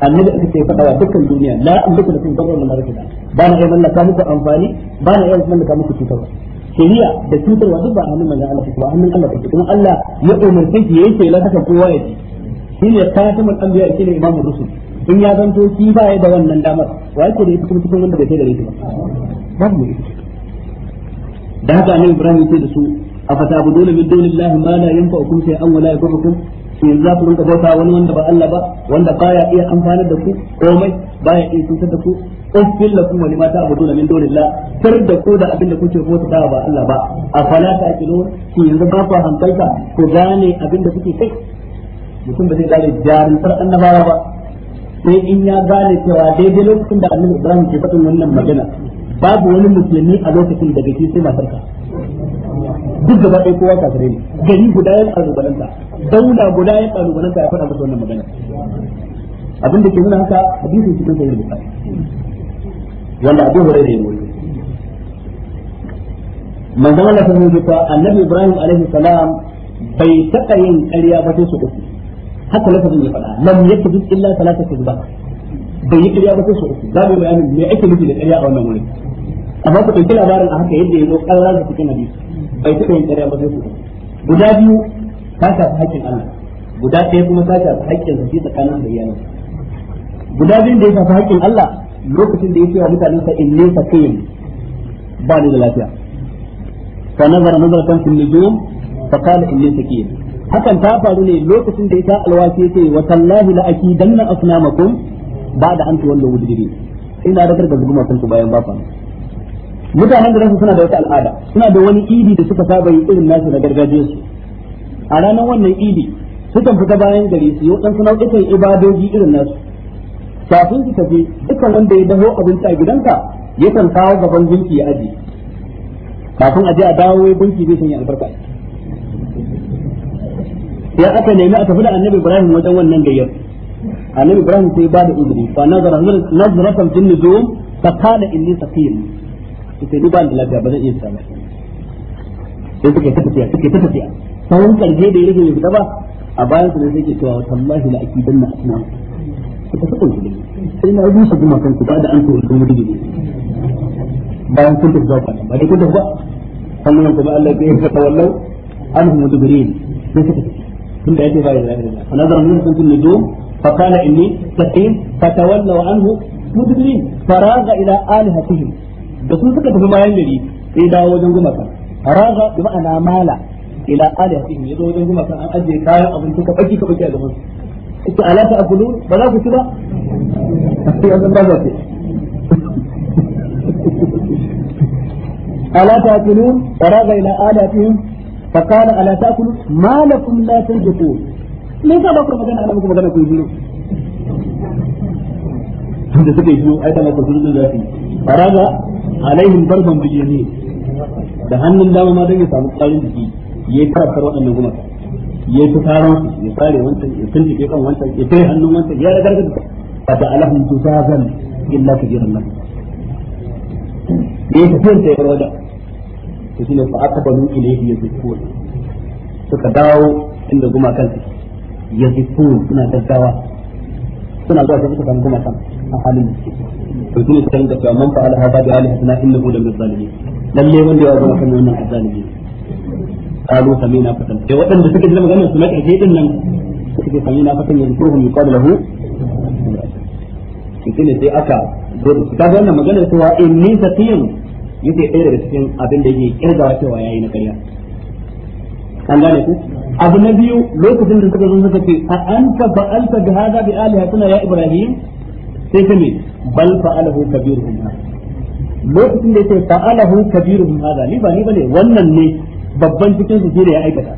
annabi aka ce faɗa wa dukkan duniya la amliku ba na muku amfani ba na iya mallaka muku cutarwa shari'a da cutarwa duk ba a hannun manzon Allah ba hannun Allah kuma Allah ya umarce ki yake la haka kowa ya ji shine khatamul anbiya shine imamur rusul in ya zanto ki ba ya da wannan damar wa yake da ita kuma cikin wanda bai da ita ba babu ne da haka annabi Ibrahim ce da su afatabuduna min dunillahi ma la yanfa'ukum shay'an wa la yadurukum shi yanzu za ku rinka bauta wani wanda ba Allah ba wanda baya iya amfana da ku komai baya iya cutar da ku uffil lakum kuma lima ta'buduna min dunillah tar da ku da abin da kuke bauta ba Allah ba ta kilo shi yanzu ba ku hankalta ku gane abin da kuke kai mutum ba zai gane tar annabawa ba sai in ya gane cewa daidai lokacin da annabi Ibrahim ke faɗin wannan magana babu wani musulmi a lokacin da shi sai matarka duk gaba ɗaya kowa gare ni gari guda ya kalubalanta daula guda ya kalubalanta ya faɗa masa wannan magana abin da ke nuna haka hadisin cikin sahih bukhari wanda abu hurairah ya mutu manzon Allah sun yi cewa annabi Ibrahim alaihi salam bai taɓa yin ƙarya ba sai su uku haka lafazin ya faɗa lam yakzib illa salata kizba bai yi ƙarya ba sai su uku za mu bayanin me ake nufi da ƙarya a wannan wurin amma ku ɗauki labarin a haka yadda ya zo ƙarra da cikin hadisi bai taɓa yin ƙarya ba sai su uku guda biyu ta shafi haƙƙin Allah guda ɗaya kuma ta shafi haƙƙin su shi tsakanin da iyalin guda biyun da ya shafi haƙƙin Allah lokacin da ya cewa mutanen sa in nesa kayin ba ni da lafiya fa nazara nazaratan fil nujum fa qala in nesa kayin hakan ta faru ne lokacin da ya ta alwashi ya ce wa tallahi la akidanna asnamakum ba'da an tuwallu wudiri ina da gargaza gumakan ku bayan ba fa mutanen da suna da wata al'ada suna da wani idi da suka saba yi irin nasu na gargajiyarsu a ranar wannan idi sukan fita bayan gari su yi waɗansu nau'ikan ibadoji irin nasu kafin su tafi dukkan wanda ya dawo abinci a gidanka yakan kawo gaban gunki ya aji kafin aje a dawo gunki zai sanya albarka ya aka nemi a tafi da annabi ibrahim wajen wannan gayyar annabi ibrahim sai ba da uzuri fa nazara nazratan fil nujum fa qala inni saqim sai ni ba da lafiya ba zan iya tsama sai suka tafiya suka tafiya sauran karshe da ya rage ba a bayan su ne sai ke cewa wallahi la akidan na asna ku ta sakon ku sai na rusa kuma kan ku ba da an ku rubuta mutum bayan kun tafi ba ba dai kun ba sannan kuma Allah ya yi ta wallau an hu mudbirin sai suka tafi tun da yake ba ya zahiri ba nazar mun kun ne do fa kana inni saqim fatawallaw anhu mudbirin faraga ila alihatihim da sun suka tafi bayan gari sai dawo wajen gumaka raga bi ma'ana mala ila alihatihim yazo wajen goma an ajiye kayan abinci ka baki ka baki a gaban su ita ala ta ba za ku ci ba sai an ba ce ala ta akulu faraga ila alihatihim fa qala ala ta akulu ma lakum la tanjutun me yasa ba ku magana ana ku magana ku yi da suka yi ai da ku zuru da su faraga alaihim barban bil da hannun dama ma dan ya samu tsarin jiki ya yi tafasar waɗannan gumaka ya yi tsaron su ya tsare wancan ya tuntuke kan wancan ya tare hannun wancan ya ragar da ba da alahun tusazan illa jiran nan ya yi tafiyar ta ya ta to shine fa aka banu ilayhi yazkun suka dawo inda gumakan su yazkun suna daddawa suna zuwa sai suka samu gumakan a halin da suke to yi sai ga man fa'ala hada bi alihatina innahu lamin zalimin lalle wanda ya zama kan wannan zalimi qalu samina fatan sai waɗanda suka ji maganar su na karshe din nan suka ce samina fatan yankuruhum yuqalu lahu shine sai aka dole ka ga wannan maganar cewa inni saqiyun yace ɗaya daga cikin abin da yake kirgawa cewa yayi na ƙarya an gane ku abu na biyu lokacin da suka a anta fa'alta bi hadha ibrahim sai ta bal fa'alahu kabiruhum lokacin da yake fa'alahu kabiruhum hada ni ba ni bane wannan ne babban cikin su ya aikata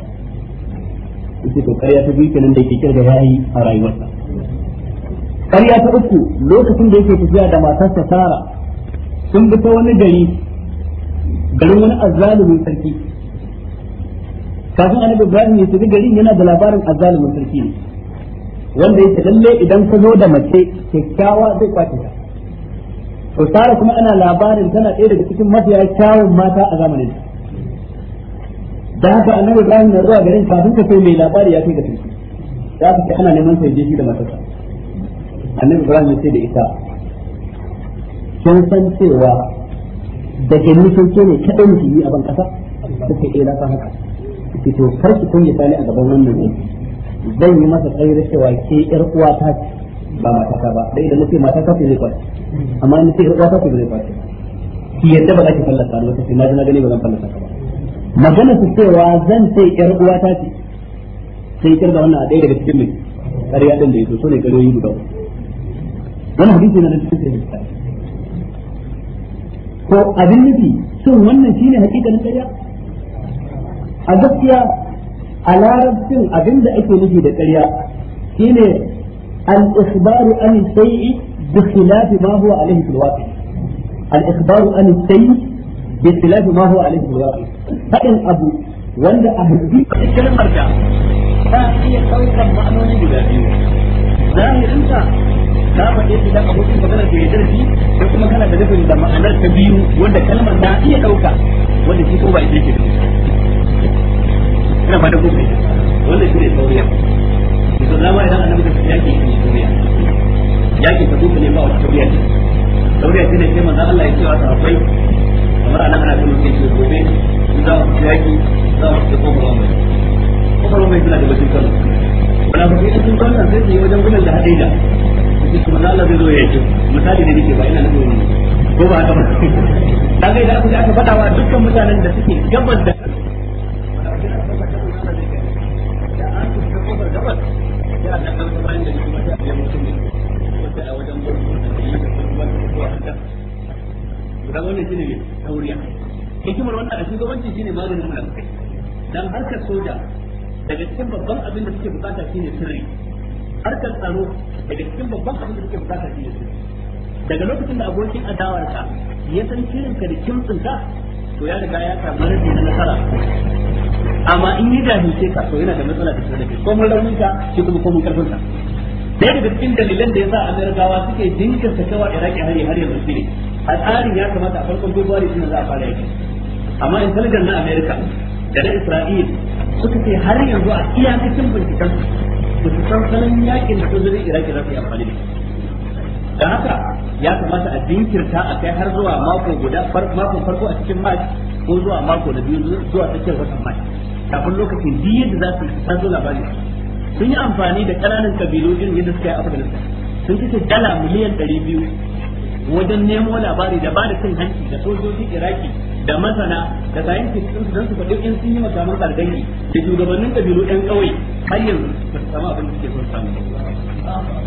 yace to ƙarya ta biyu kenan da yake kirga yi a rayuwarsa ƙarya ta uku lokacin da yake tafiya da matarsa Sara sun bi ta wani gari garin wani azzalumin sarki kafin annabi Ibrahim ya tafi garin yana da labarin azzalumin sarki ne wanda yake lalle idan ka zo da mace kyakkyawa zai kwace ta to Sara kuma ana labarin tana ɗaya daga cikin mafiya kyawun mata a zamanin da haka annabi Ibrahim na zuwa garin kafin ka sai mai labari ya kai ga kirki da haka sai ana neman sai jeji da matarsa annabi Ibrahim ya ce da ita kin san cewa da ke nufin ke ne kaɗai mutum yi a ban ƙasa ke iya lafa haka ki to kar ki kun misali a gaban wannan ne zan yi masa tsayar cewa ke ƴar uwa ta ba mata ta ba dai da nake mata ta zai kwace amma ni ce yar uwa ta zai kwace ki yadda ba za ki fallasa ni ba sai na ji na gani ba zan fallasa ka ba magana su cewa zan ce yar uwata ce sai kar da wannan a ɗaya daga cikin mai ƙarya ɗin da ya so so ne ƙaryoyi guda wannan hadisi na da cikin sai ko abin nufi shin wannan shine hakikanin ƙarya a gaskiya a larabcin abin da ake nufi da ƙarya shine al-ikhbaru an shay'i bi khilafi ma huwa alayhi fil waqi al-ikhbaru an shay'i باختلاف ما هو عليه في الواقع فإن أبو وند أهدي كلمة رجع فهي قوية معنوني بذاتي ظاهر أنت na faɗe shi dan abokin da kuma kana da da ma'anar ta biyu wanda kalmar na iya ɗauka wanda shi ko ba yake da wanda shi ne to zama idan annabi da yake shi yake ta duka ne ba wata sauriya ce sauriya ce ne sai Allah ya ce wa akwai kamar ana ana kuma sai gobe za mu ci yaki za mu ci kofar mai kofar mai suna da bakin kano wala ba sai sun kwanta sai su yi wajen gudan da haɗe da su kuma Allah zai zo ya yi misali da nake ba ina nufin ko ba haka ba kaga da aka aka faɗa wa dukkan mutanen da suke gabas da Thank you. dan wannan shine ne tauriya hikimar wannan a shugabanci shine maganin munafikai dan harkar soja daga cikin babban abin da suke bukata shine sirri harkar tsaro daga cikin babban abin da suke bukata shine sirri daga lokacin da abokin adawarka ya san shirin ka da kimtsin ka to ya riga ya samu rabi na nasara amma in yi jahilce ka to yana da matsala da sirri ko mun raunin ka shi kuma ko mun karfin ka daya daga cikin dalilan da ya sa amerikawa suke jinkirta kawai iraki har yanzu shine a tsarin ya kamata a farkon februari shi za a fara yaki amma intelligence na america da na isra'il suka ce har yanzu a iyakacin binciken su su san sanin yakin da sojojin iraki za su yi amfani da da haka ya kamata a jinkirta a kai har zuwa mako guda mako farko a cikin march ko zuwa mako na biyu zuwa tsakiyar watan march kafin lokacin biyu da za su san zo labari sun yi amfani da ƙananan kabilojin yadda suka yi afghanistan sun kace dala miliyan ɗari biyu wajen nemo labari da ba da cin hanci da sojoji iraki da masana da scientist din su don su faɗi in sun yi makaman sardangi da shugabannin ƙabilu ɗan ƙauye har yanzu ba su samu abin da suke son samu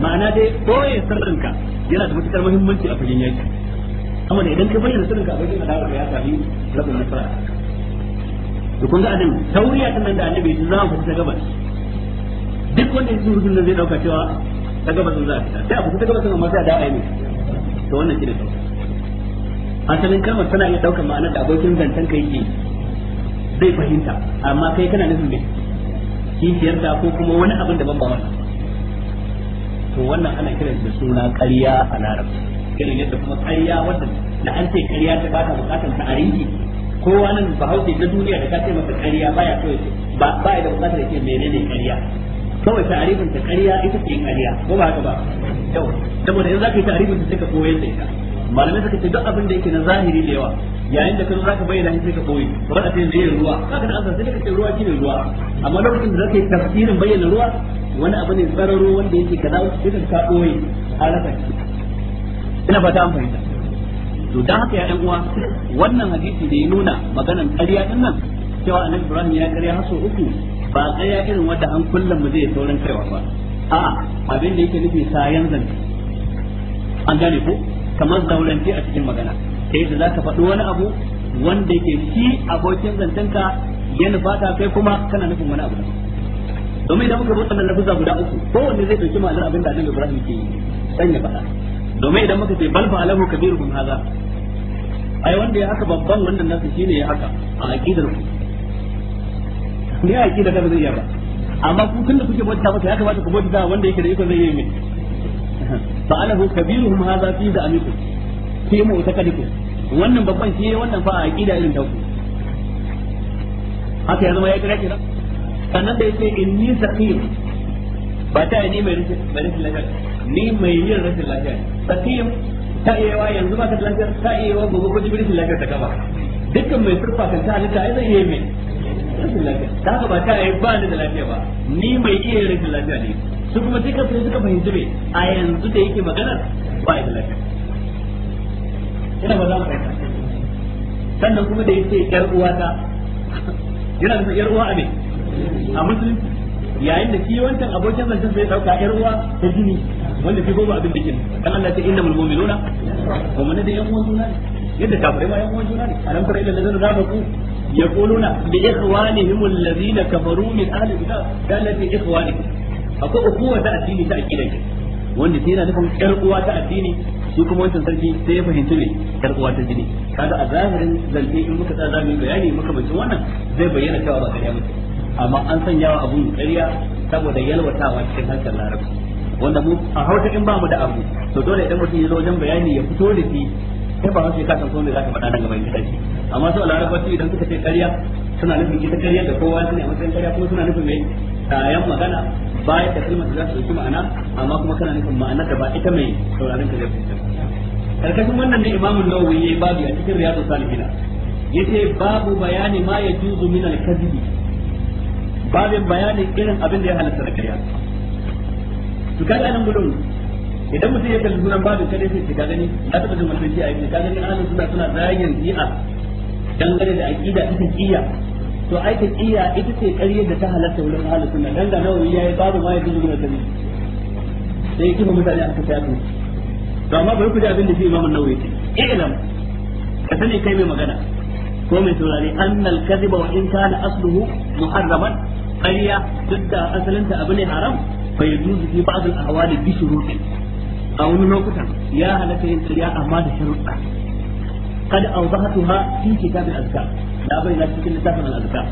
ma'ana dai boye sirrinka yana da matuƙar muhimmanci a fagen yaki amma da idan ka bayyana sirrinka a bakin adawa ya sami rabin nasara da kun ga adam tauriya nan da annabi ya za a fita gabas duk wanda ya ji wurin da zai dauka cewa ta gabas za a fita sai a fita ta gabas amma sai a da'a yi to wannan shine tausayi asalin kalmar tana iya daukar ma'anar da abokin zancen ka yake zai fahimta amma kai kana nufin me kishiyarta ko kuma wani abin da ban ba wannan to wannan ana kiran da suna ƙarya a larabci kiran yadda kuma ƙarya wadda da an ce ƙarya ta baka bukatar ta a rinki kowa nan bahaushe na duniya da ka ce masa ƙarya baya so ba ya da bukatar ya ce menene ƙarya kawai ta'arifin ta ƙarya ita ce ƙarya ko ba haka ba yau saboda yanzu zaka yi ta'arifin ta suka koyar da ita malamai suka ce duk abin da yake na zahiri da yawa yayin da ka zo zaka bayyana shi ka koyi ba da sai zai ruwa kaga da azan sai ka ce ruwa shine ruwa amma lokacin da zaka yi tafsirin bayyana ruwa wani abu ne tsararo wanda yake kaza sai ka ka koyi a ina fata an fahimta to dan haka ya dan uwa wannan hadisi da ya nuna maganan ƙarya din nan cewa annabi Ibrahim ya ƙarya haso uku ba tsaya irin wanda an kullum mu zai saurin kaiwa ba a abin da yake nufi sayan zance an gane ko kamar zaurance a cikin magana ta yadda za ka faɗi wani abu wanda yake shi abokin zantanka yana fata kai kuma kana nufin wani abu domin idan muka rubuta lafuza guda uku kowanne zai dauki ma'anar abin da annabi Ibrahim ke yi dan ya faɗa domin idan muka ce bal fa'alahu kabiruhum haza ai wanda ya haka babban wanda nasu shine ya haka a aqidar ne a da zai iya ba amma ku tunda kuke bauta masa ya kamata ku bauta wanda yake da iko zai yi mai fa alahu kabiruhum hadha fi fi wannan babban shi wannan fa a kida irin dauku haka ya ya kira kira sannan da yace inni saqim ba ta ni mai rashin lafiya ni mai yin rashin lafiya saqim ta iyawa yanzu ba ka lafiya ta iyawa gobe ko lafiya ta kaba dukkan mai surfa kan ta halitta ai zai yi mai rashin lafiya ta haka ba ta yi ba ni da lafiya ba ni mai iya rashin lafiya ne su kuma duka sai suka fahimci me a yanzu da yake magana ba da lafiya ina ba za mu fahimta sannan kuma da yace yar uwa ta yana da yar uwa a me a musulunci yayin da shi wancan abokin zancen sai dauka yar uwa ta jini wanda shi goma abin da kin dan Allah ya ce innamal mu'minuna wa man da yan uwan juna yadda kafirai ma yan uwan juna ne alam tara ila ladina zaqu يقولون لإخوانهم الذين كفروا من أهل الكتاب قال لك إخوانهم أكو أخوة تأتيني تأكيدك wanda sai yana nufin yar uwa ta addini shi wancan sarki sai ya fahimci ne yar uwa ta jini kaga a zahirin zance in muka tsaya zamu bayani muka bincin wannan zai bayyana cewa ba ƙarya muke amma an sanya wa abun saboda hankali wanda mu a hausa in ba mu da abu to dole idan mutum ya zo wajen bayani ya fito da shi sai ba wasu ka san ko me zaka faɗa nan gaba in kashi amma su alarabaci idan suka ce ƙarya suna nufin ita karya da kowa su ne a matsayin karya kuma suna nufin mai tayan magana bayan da kalmar da za su ɗauki ma'ana amma kuma kana nufin ma'anar da ba ita mai sauraron ka zai fahimta karkashin wannan ne imamun nawawi yayi babu a cikin riyadu salihin yace babu bayani ma yajuzu min al-kadhibi babin bayanin irin abin da ya halatta da karya. to kaga nan gudun idan mutum ya kalli sunan babin kada sai ce ka gani ya taɓa jin mutum shi'a ne ka gani ahlus suna suna zagin shi'a dangane da aqida ta taqiya to ai taqiya ita ce ƙaryar da ta halatta wurin ahlus sunna dan da nawawi yayi babu ma ya ji gurin da sai yake mutane aka tafi to amma bari ku ji abin da shi imamu nawawi ce ilm ka sani kai mai magana ko mai saurare annal kadhiba wa in kana asluhu muharraman ƙarya duk da asalinta abu ne haram fa yajuzu fi ba'd al-ahwali bi shurutin a wani lokutan ya halatta yin ƙarya amma da sharuɗa kada awdahatuha fi kitabil azkar da bai na cikin littafin al-azkar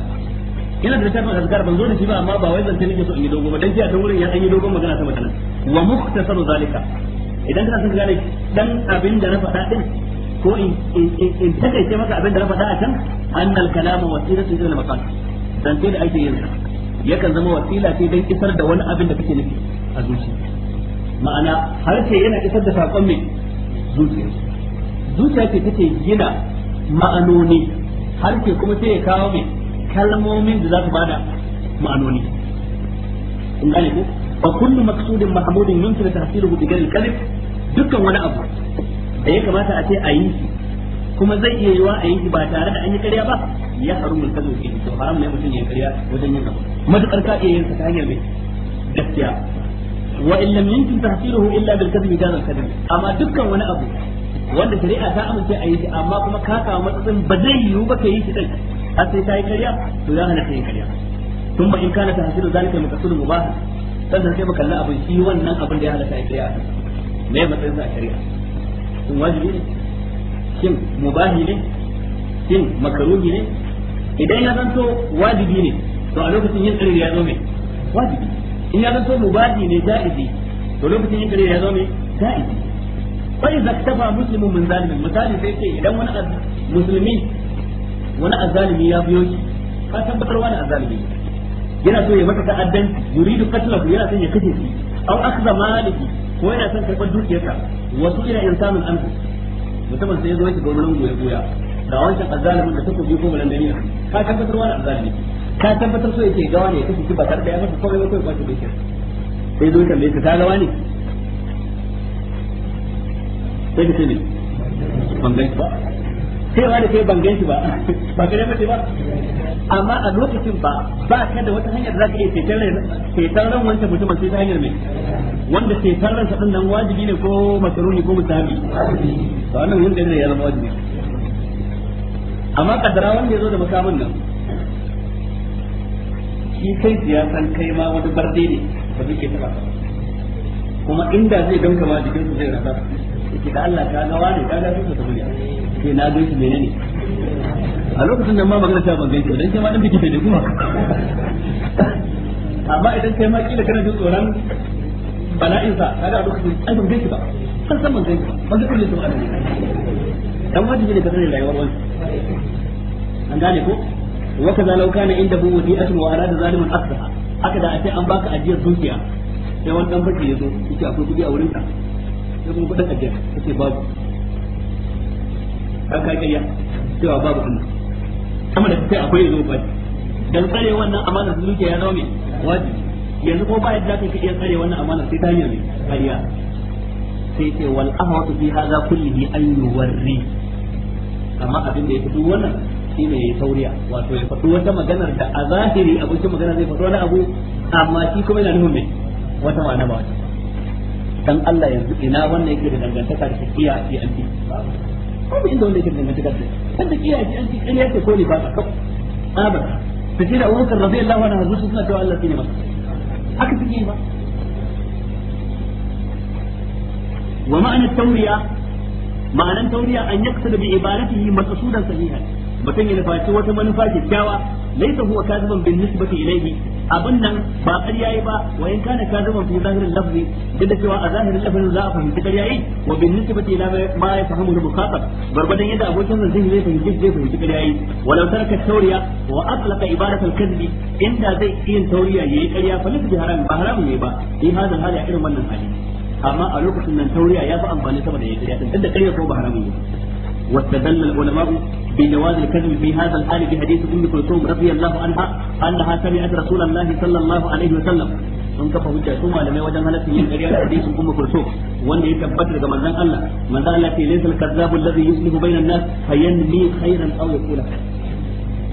yana da littafin azkar ban zo da shi ba amma ba wai zan nake so in yi dogo ba dan jiya ta wurin ya an yi dogon magana ta magana wa mukhtasaru zalika idan kana son gane dan abin da na faɗa din ko in in ce maka abin da na faɗa a can annal kalama wasilatu ila al-maqal dan sai da ake yin yakan zama wasila sai dan isar da wani abin da kake nufi a zuciya ma'ana harshe yana isar da saƙon mai zuciya zuciya ce take gina ma'anoni harshe kuma sai ya kawo mai kalmomin da za su bada ma'anoni in gane ko fa kullu maqsudin mahmudin yumkin tahsiluhu bi ghairi kalif dukkan wani abu da ya kamata a ce a yi kuma zai iya yiwa a yi ba tare da an yi karya ba ya harumul kazo ke to haram ne mutum ya karya wajen yin abu matukar ka iya yin sa ta hanyar mai gaskiya wa in lam yumkin tahsiluhu illa bil kadhib kana al kadhib amma dukkan wani abu wanda shari'a ta amince a yi shi amma kuma ka samu matsatsin ba zai yiwu ba ka yi shi din har sai ta yi karya to ya hana ta yi karya tun ba in kana tahsilu zalika maqsudun mubah dan sai mu kalli abin shi wannan abin da ya halatta ya karya me matsayin sa shari'a shin wajibi ne shin mubahi ne shin makaruhi ne idan ya zanto wajibi ne to a lokacin yin tsari ya zo mai wajibi in ya zanto mubadi ne ja'izi to lokacin yin kare ya zo ne ja'izi fa idza ktafa muslimun min zalimin misali sai ce idan wani musulmi wani azalimi ya biyo shi ka tabbatar wani azalimi yana so ya mata ta'addanci yuridu qatlahu yana son ya kace shi aw akhza maliki ko yana son karɓar dukiyarsa wasu ila insanun anhu mutumin sai ya zo ya shiga wurin goya goya da wancan azalimin da takobi ko bulandani ka tabbatar wani azalimi ka tabbatar so yake gawa ne ya kashe ba tare da ya masa komai ba kawai kwanci bishiyar sai zo kan ka ta gawa ne sai ka ce ne ban gan ba sai wani kai ban gan ba ba gare mace ba amma a lokacin ba ba ka da wata hanyar za ka iya ceton ran wancan mutumin sai ta hanyar mai wanda ceton ransa din nan wajibi ne ko masaruni ko musahabi to wannan wanda ne ya zama wajibi amma kadara wanda ya zo da makamun nan shi kai siyasan kai ma wata barde ne ba zai ke taba kuma inda zai don kama jikin su zai rasa yake da Allah ka gawa ne ka gafi su tabuliya ke na gan shi menene a lokacin da ma magana ta ban gan su don kai ma dan biki bai kuma amma idan kai ma kila kana jin tsoron bala'insa sa kaga a lokacin ai ban gan ba san san ban gan ba zai kulle su ba dan wajibi ne ka sani rayuwar wani an gane ko wa da lauka na inda bu wadi'atun wa da zalimun aksaha haka da a ce an baka ajiyar dukiya sai wani dan baki yazo yake akwai kudi a wurin ta sai kuma kudin ajiyar ce babu ka kai kariya cewa babu kuma amma da sai akwai yazo ba dan tsare wannan amana su dukiya ya zama mai wajibi yanzu ko ba yadda zaka iya tsare wannan amana sai ta hanyar mai kariya sai ce wal ahwatu fi hadha kullihi an yuwarri amma abin da yake duk wannan shi ne yayi tauriya wato ya faɗi wata maganar da a zahiri abokin magana zai faɗi wani abu amma shi kuma yana nufin wata ma'ana ba wata dan Allah yanzu ina wannan yake da dangantaka da tafiya a TNT babu inda wanda yake da dangantaka da kan tafiya a TNT kan yake ko ne ba ka kau abada tafi da Abubakar radiyallahu anhu hazu suna cewa Allah shine masa haka take ba wa tauriya tauriya an bi ibadatihi maqsudan sahihan mutum ya nufaci wata manufa kyakkyawa laysa huwa kaziban bin nisbati ilayhi abin nan ba ƙarya yi ba wa in kana kaziban fi zahirin lafzi duk da cewa a zahirin lafzin za a fahimci ƙarya yi wa bin nisbati ila ma ya fahimu da mukhatab barbadan yadda abokin zan zai fahimci zai fahimci ƙarya yi walau taraka tauriya wa aqlaqa ibadatul kadhibi inda zai yin tauriya yayi ƙarya fa lafi haram ba haramun ne ba in hadal hali a irin wannan hali amma a lokacin nan tauriya ya fi amfani saboda ya ƙarya din da ƙarya ko ba haramun ne واستدل العلماء بجواز الكذب في هذا الحال بحديث ام كلثوم رضي الله عنها انها سمعت رسول الله صلى الله عليه وسلم sun kafa hujja su malamai wajen halaccin yin ƙarya da hadisin kuma kurso wanda ya tabbata daga manzon Allah manzon Allah ce laysa al alladhi yuslihu bainan nas fayanmi khairan aw yaqula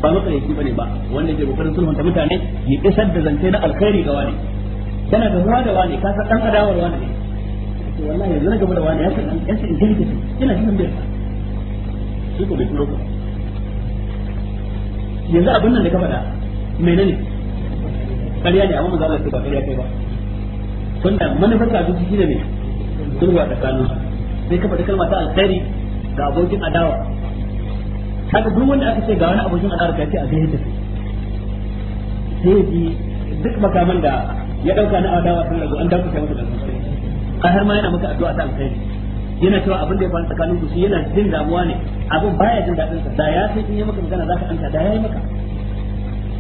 ba makareci bane ba wanda ke kokarin sulhunta mutane ya isar da zance na alkhairi ga wani kana da ruwa da wani ka san dan adawar wani ne wallahi yanzu na gaba da wani ya san in san intelligence ina cikin shi ko bai ku yanzu abin nan da ka faɗa menene ƙarya ne amma manzo Allah ba ƙarya kai ba da manufar ka zuci shine ne sulhu a tsakanin su sai ka faɗi kalma ta alkhairi ga abokin adawa haka duk wanda aka ce ga wani abokin adawa ka ce a gani ta sai ji duk makaman da ya dauka na adawa sun ragu an dauka kai masa da sosai a har ma yana maka addu'a ta alkhairi yana cewa abin da ya faru tsakanin ku yana jin damuwa ne abin baya jin daɗin sa da ya san in yi maka magana zaka anta da yayi maka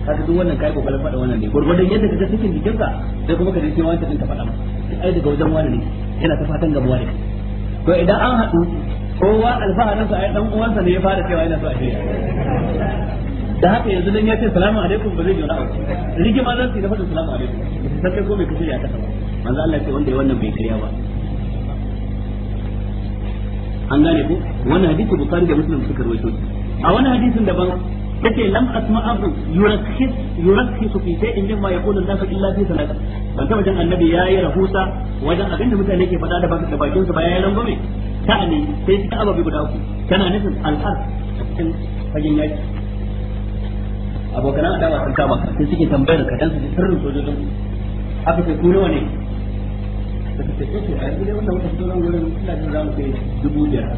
kaga duk wannan kai kokarin faɗa wannan ne gurgurdan yadda kaga cikin jikinka sai kuma ka dace wanda din ka faɗa maka ai daga wajen wani ne yana ta fatan gamuwa ne to idan an haɗu kowa sa ai dan uwansa ne ya fara cewa yana so a shirya da haka yanzu dan ya ce salamu alaikum ba zai yi wani abu rigima zan ce na faɗin salamu alaikum sai kai ko mai kashe ya kasa manzo Allah ya ce wanda ya wannan bai kariya ba an gane ko wannan hadisi bukari da muslim suka rawaito a wannan hadisin daban yace lam asma abu yurakhis yurakhis fi shay'in mimma yaqulu an-nasu illa fi salat ban ta wajen annabi yayi rahusa wajen abinda mutane ke faɗa da bakin da bakin su bayan rangwame ne sai ta bi guda uku kana nufin al-har cikin fagen yaki abokan adawa sun kama sai suke tambayar ka dan su sirrin sojojin haka sai ku ne suka ce to a yanzu dai wannan wata sauran wurin ina jin za mu kai dubu biyar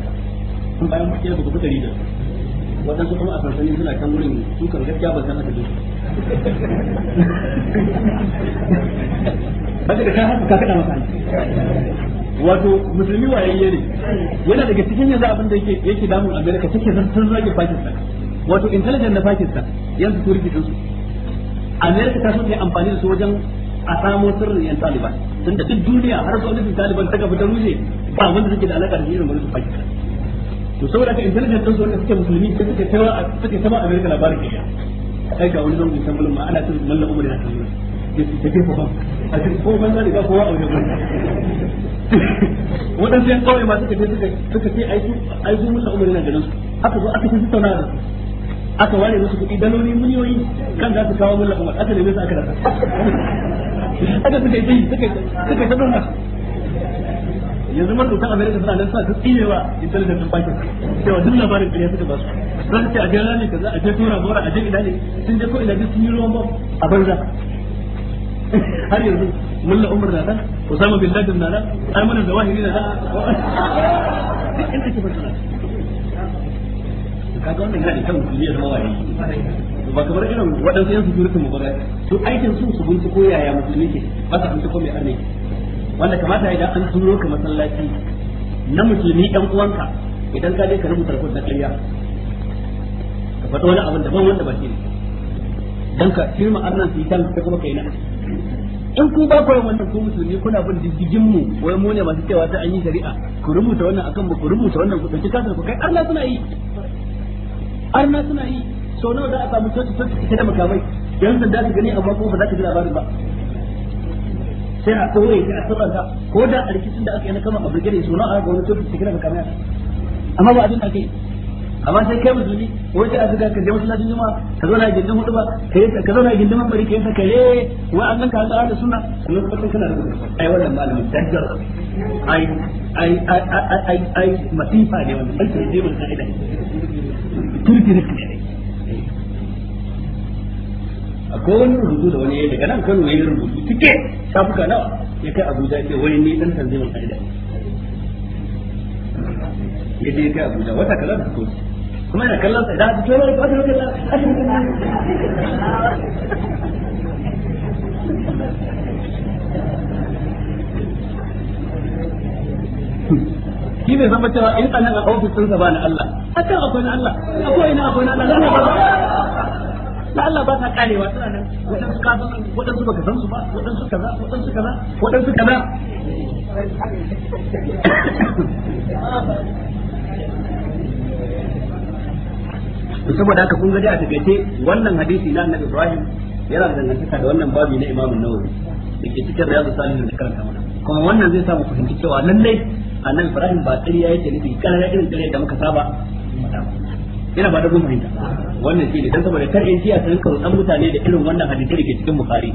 sun bayan mu da ba dari da waɗansu kuma a sansani suna kan wurin su kan gaskiya ban san haka dole haka da ka haka ka kaɗa masa wato musulmi wayayye ne yana daga cikin yanzu abin da yake yake damun america take zan sun rage pakistan wato intelligence na pakistan yanzu turki din su america ta so ta amfani da su wajen a samo sirrin yan taliban tun da duk duniya har gwamnatin taliban ta gaba ta rushe ba wanda suke da alaka da irin gwamnatin pakistan to saboda ka intelligence din su wanda suke musulmi sai suke tawa suke sama america labarin kiyaya kai ga wani zango san ma ana tun mallan umar yana tun ya su take ko a cikin ko ban zani ga kowa a wajen waɗansu yan kawai masu kaje suka suka ce ai aiki mullan umar yana ganin su haka zo aka ce su tauna da aka ware musu kuɗi daloli muniyoyi kan za su kawo mullan umar aka nemi su aka rasa haka suka yi tsayi suka suka ta dona yanzu man dokan america suna nan suna ta tsinewa intelligence din bakin cewa duk labarin kariya suka ba su zan ce a je rani kaza a je tura bora a je ina ne sun je ko ina duk sun yi ruwan ba a banza har yanzu mulla umar na nan usama bin laden na nan da zawahiri na nan duk inda ke fasara kaga wannan yana da kan kuliyar mawaye ba kamar irin waɗansu yan security mu ba su aikin su su ko yaya musulmi ke ba su ko mai arne wanda kamata idan an turo ka masallaci na musulmi ɗan uwanka idan ka je ka rubuta rukun na ƙarya ka faɗo wani abin daban wanda ba shi ne dan ka firma arnan su yi ta ka kuma kai na in ku ba ku wannan ku musulmi kuna bin diddigin mu wai mu ne masu cewa sai an yi shari'a ku rubuta wannan akan ba ku rubuta wannan ku dauki kasar ku kai arna suna yi arna suna yi sau nawa za a samu coci coci da makamai yan sanda su gani amma kuma ba za ka ji labarin ba sai a sai a sabanta ko da a rikicin da aka yi na kama a nawa wani coci da ba abin da kai musulmi ko sai a zuga ka je masallacin juma'a ka zo na gindin hudu ba kai ka zo na gindin mabari kai sa kare wa annan ka hada da sunna kuma kuma kana da ai wannan malamin ai ai ai ai ai masifa ne wannan sai dai mun kaida turki ne akwai wani rubutu da wani yayi daga nan Kano yayi rubutu tike shafuka nawa ya kai Abuja ya ce wai ni dan tanzimin kaida ya je kai Abuja wata kaza da kuma kuma yana kallon sa da ta tsoro ba ta kallon shi bai san cewa in anan a ofis ɗinsa ba na Allah a kan akwai na Allah akwai ina akwai na Allah na Allah ba ta karewa suna nan waɗansu ka san waɗansu baka san su ba waɗansu kaza waɗansu kaza waɗansu kaza to saboda haka kun ga dai a takaice wannan hadisi na Annabi Ibrahim yana da dangantaka da wannan babi na Imam Nawawi da ke cikin Riyadu Salihin da karanta mana kuma wannan zai samu fahimci cewa lallai Annabi Ibrahim ba tsariya yake nufi kana irin tsariya da muka saba ina ba da gun fahimta wannan shi ne dan saboda kar in tiya san kan dan mutane da irin wannan hadisi da ke cikin bukhari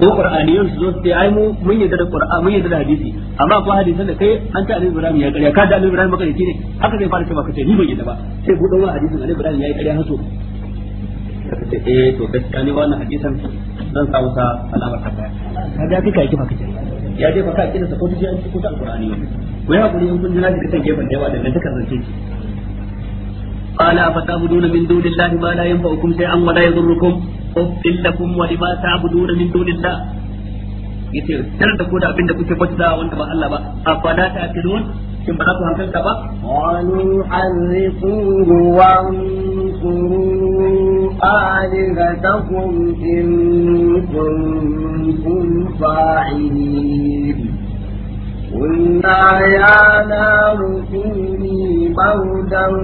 ko qur'aniyun su zo su sai ai mu mun yi da qur'ani mun yi da hadisi amma ko hadisan da kai an ta alim ibrahim ya ƙarya ka da alim ibrahim makarici ne haka zai fara cewa kace ni ban da ba sai ku dawo hadisin alim ibrahim ya yi ƙarya haso kace eh to gaskiya ne wannan hadisan zan sa musa alamar tambaya kaga kika yi kifa kace ya je fa ka kida sa ko ta ko ta qur'aniyun ko ya hakuri in kun jira da kace gefen da yawa da kan zance قال أفتعبدون من دون الله ما لا ينفعكم شيئا ولا يضركم أفل لكم ولما تعبدون من دون الله yace da ko da abin da kuke bauta wanda ba Allah ba afala ta akilun kin ba ku hankalta ba Wani harriquhu wa in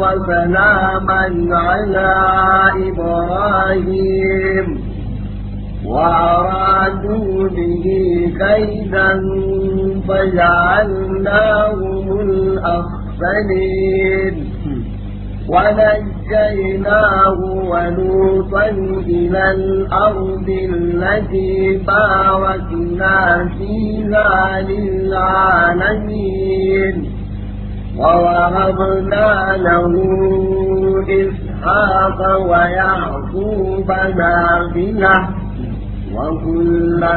وسلاما على إبراهيم وأرادوا به كيدا فجعلناهم الأخسرين ونجيناه ولوطا إلى الأرض التي باركنا فيها للعالمين ووهبنا له إسحاق ويعقوب نافلة وكلا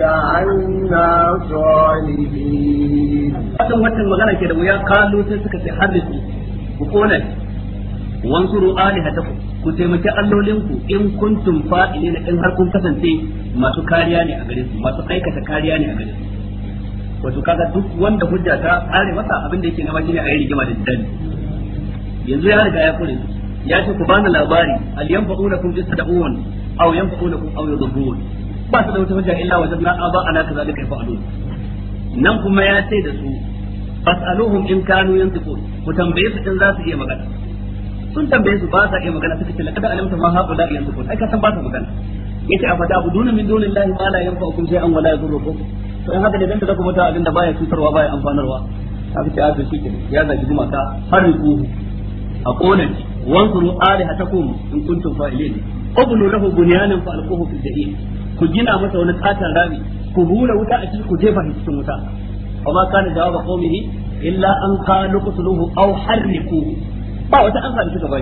جعلنا صالحين أتم وقت المغانا كده ويا قالوا تسكة تحرسوا وقونا وانصروا آلهتكم ku taimaki allolinku in kuntum fa'ilina in har kun kasance masu kariya ne a gare su masu aikata kariya ne a gare su wato kaga duk wanda hujja ta tsare masa abin da yake nema shine a yi rigima da dani yanzu ya riga ya kure ya ce ku bani labari al yanfa'unakum yastad'un aw yanfa'unakum aw yadurrun ba su da wata hujja illa wajadna aba ana kazalika yafa'alun nan kuma ya ce da su fas'aluhum in kanu yantiqun ku tambaye su in za su iya magana sun tambaye su ba sa iya magana suka ce laqad alimta ma haula yantiqun ai ka san ba su magana yace a fata abuduna min dunillahi ma la yanfa'ukum shay'an wa la yadurrukum to in haka ne dan da zaka mutu abin da baya cutarwa baya amfanarwa fi ce shi shike ya zagi ta har kuhu. a ari wanzuru alihatakum in fa'ile ne ubnu rahu bunyanan fa'al kuhu fi jahim ku gina masa wani katon rami ku hula wuta a cikin ku jefa shi cikin wuta wa ma kana jawaba qaumihi illa an qalu qutluhu aw kuhu. ba wata an sa shi gaba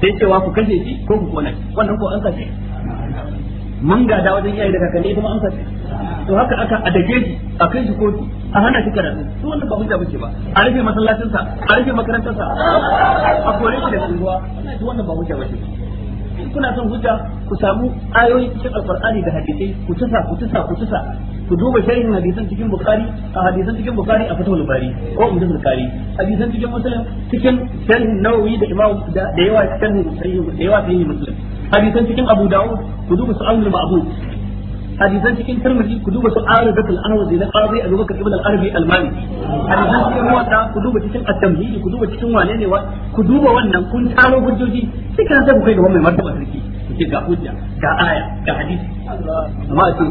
sai cewa ku kashe shi ko ku kona wannan ko an kashe mun da wajen iyaye daga kakanni kuma amsa ce to haka aka adage shi a kai shi kotu a hana shi karatu to wannan ba hujja bace ba a rufe masallacin sa a rufe makarantar sa a kore shi da to wannan ba hujja bace in kuna son hujja ku samu ayoyi cikin alqur'ani da hadisai ku tusa ku tusa ku tusa ku duba sharhin hadisan cikin bukhari a hadisan cikin bukhari a fatul bari ko umdul bukhari hadisan cikin muslim cikin sharhin nawawi da imam da yawa cikin sahih da yawa cikin muslim hadisan cikin Abu Dawud ku duba su Amr Ma'bud hadisan cikin Tirmidhi ku duba su Aridat al-Anwazi na Qadi Abu Bakr arabi al-Mali hadisan cikin Muwatta ku duba cikin At-Tamhid ku duba cikin wane ku duba wannan kun taro hujjoji sai kana sai ku kai ga mai martaba sarki ku ce ga hujja ga aya ga hadisi amma a ce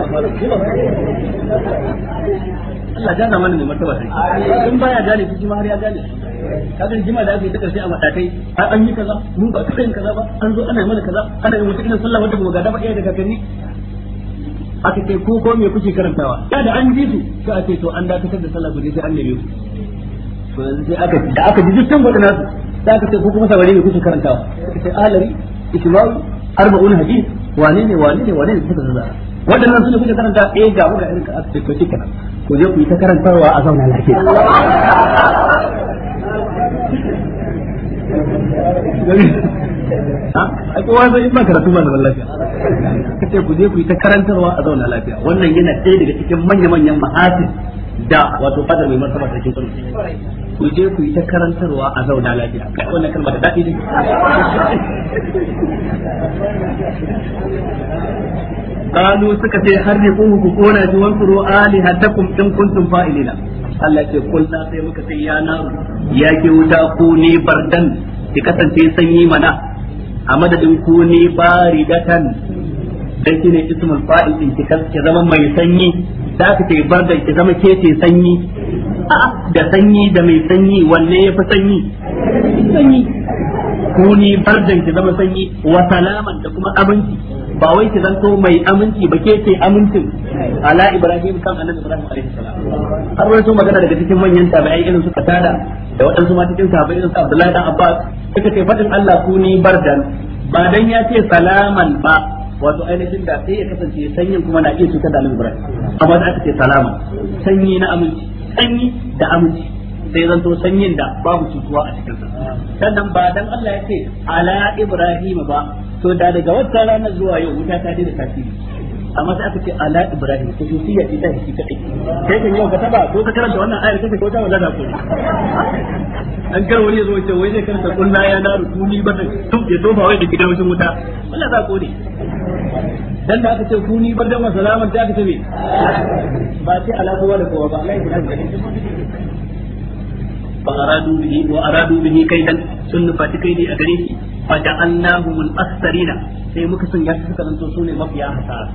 a ba ba Allah gana mana ne martaba sai. in baya gane shi ma har ya gane Ka ga jima da ake ta karshe a matakai a an yi kaza mun ba ka kaza ba an zo ana mana kaza ana yin wata irin sallah wadda ba gada ba iya daga gani aka ce ko ko me kuke karantawa da da an ji su sai a ce to an dakatar da sallah gobe sai an nemi ku to yanzu sai aka da aka ji dukkan gudana su sai aka ce ko kuma sabare ne kuke karantawa sai alari ismawi arba'un hadith wane ne wane ne wane ne suka zaza waɗannan sun kuka karanta eh ga muka irin ka asibiti ko shikenan ko je ku yi ta karantarwa a zauna lafiya a kowa zai ba karatu ba zaman lafiya kace ku je ku yi ta karantarwa a zauna lafiya wannan yana ɗaya daga cikin manya-manyan ma'asin da wato fadar mai martaba cikin kano ku je ku yi ta karantarwa a zauna lafiya kai wannan kalma da daɗi ne qalu suka ce harriquhu ku kona ji wankuru alihatakum in kuntum fa'ilina Allah ke kulna sai muka sai ya naru ya ke wuta ku ni bardan ki kasance sanyi mana a madadin ku ni bari datan dan shine ismul fa'il din ki kasance zama mai sanyi da ka ce bardan ki zama ke ce sanyi da sanyi da mai sanyi wanne ya fi sanyi sanyi ku ni bardan ki zama sanyi wa salaman da kuma abinci ba wai ki zanto mai aminci ba ke ce amincin ala ibrahim kan annabi ibrahim alaihi salam har wani sun magana daga cikin manyan tabi'ai irin su katada da waɗansu ma cikin sahabbai irin su abdullahi dan abbas suka ce fadin allah kuni bardan ba dan ya ce salaman ba wato ainihin da sai ya kasance sanyin kuma na iya cutar da annabi ibrahim amma da aka ce salama sanyi na aminci sanyi da aminci sai zanto sanyin da babu cutuwa a cikinsa sannan ba dan Allah ya ce ala ibrahim ba to da daga wata ranar zuwa yau wuta ta daina tasiri amma sai aka ce ala ibrahim ko su siya ita shi kadai kai kan yau ka taba ko ka karanta wannan ayar kake ko ta wanda da ko an kar wani zo ce wai zai karanta kullu ya na rukuni ba da to ya tofa wai da gidan wajen wuta wannan za ko ne dan da aka ce kuni bar dan salaman da aka ce ba sai ala ko wala ko ba Allah ya ba aradu bihi wa aradu bihi kaidan sun nufati kaidi a gare shi faja'alnahum al-aktharina sai muka sanya su suka zanto sune mafiya hasara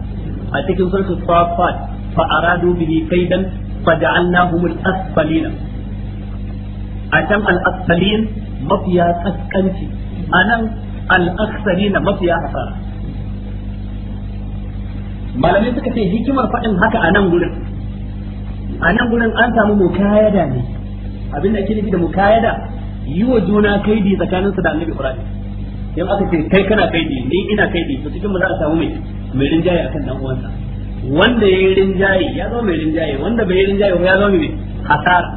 a cikin suratul safat fa aradu bihi kaidan faja'alnahum al-asfalina a can al-asfalin mafiya kaskanci anan al-aktharina mafiya hasara malamai suka ce hikimar faɗin haka a nan gudun. a nan gudun an samu mukayada ne abin da ake nufi da mukayada yi wa juna kaidi tsakaninsu da annabi ibrahim in aka ce kai kana kaidi ni ina kaidi to cikin mu za a samu mai mai rinjaye akan dan uwansa wanda yayi rinjaye ya zama mai rinjaye wanda bai rinjaye ba ya zama mai hasara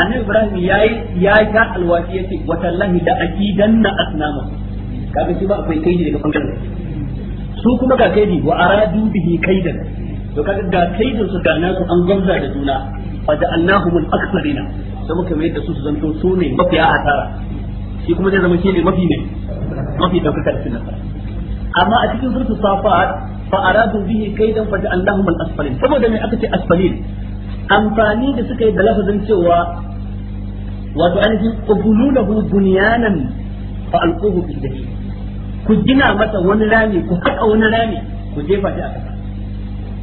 annabi ibrahim yayi ya ga alwashi yace watallahi da na asnama kaga shi ba akwai kaidi daga bangaren su kuma ga kaidi wa aradu bihi kaidan to kaga ga kaidin su ga nasu an gwamza da juna fa ja'alnahum al-aktharina da muka mai da su su zanto su ne mafiya asara shi kuma zai zama shi ne mafi ne mafi daukaka da nasara amma a cikin surtu safat fa aradu bihi kaidan fa ja'alnahum al-asfalin saboda me aka ce asfalin amfani da suka yi da lafazin cewa wato ainihin qubulunahu bunyanan fa alquhu fi dahi ku gina masa wani rami ku haɗa wani rami ku jefa shi a kasa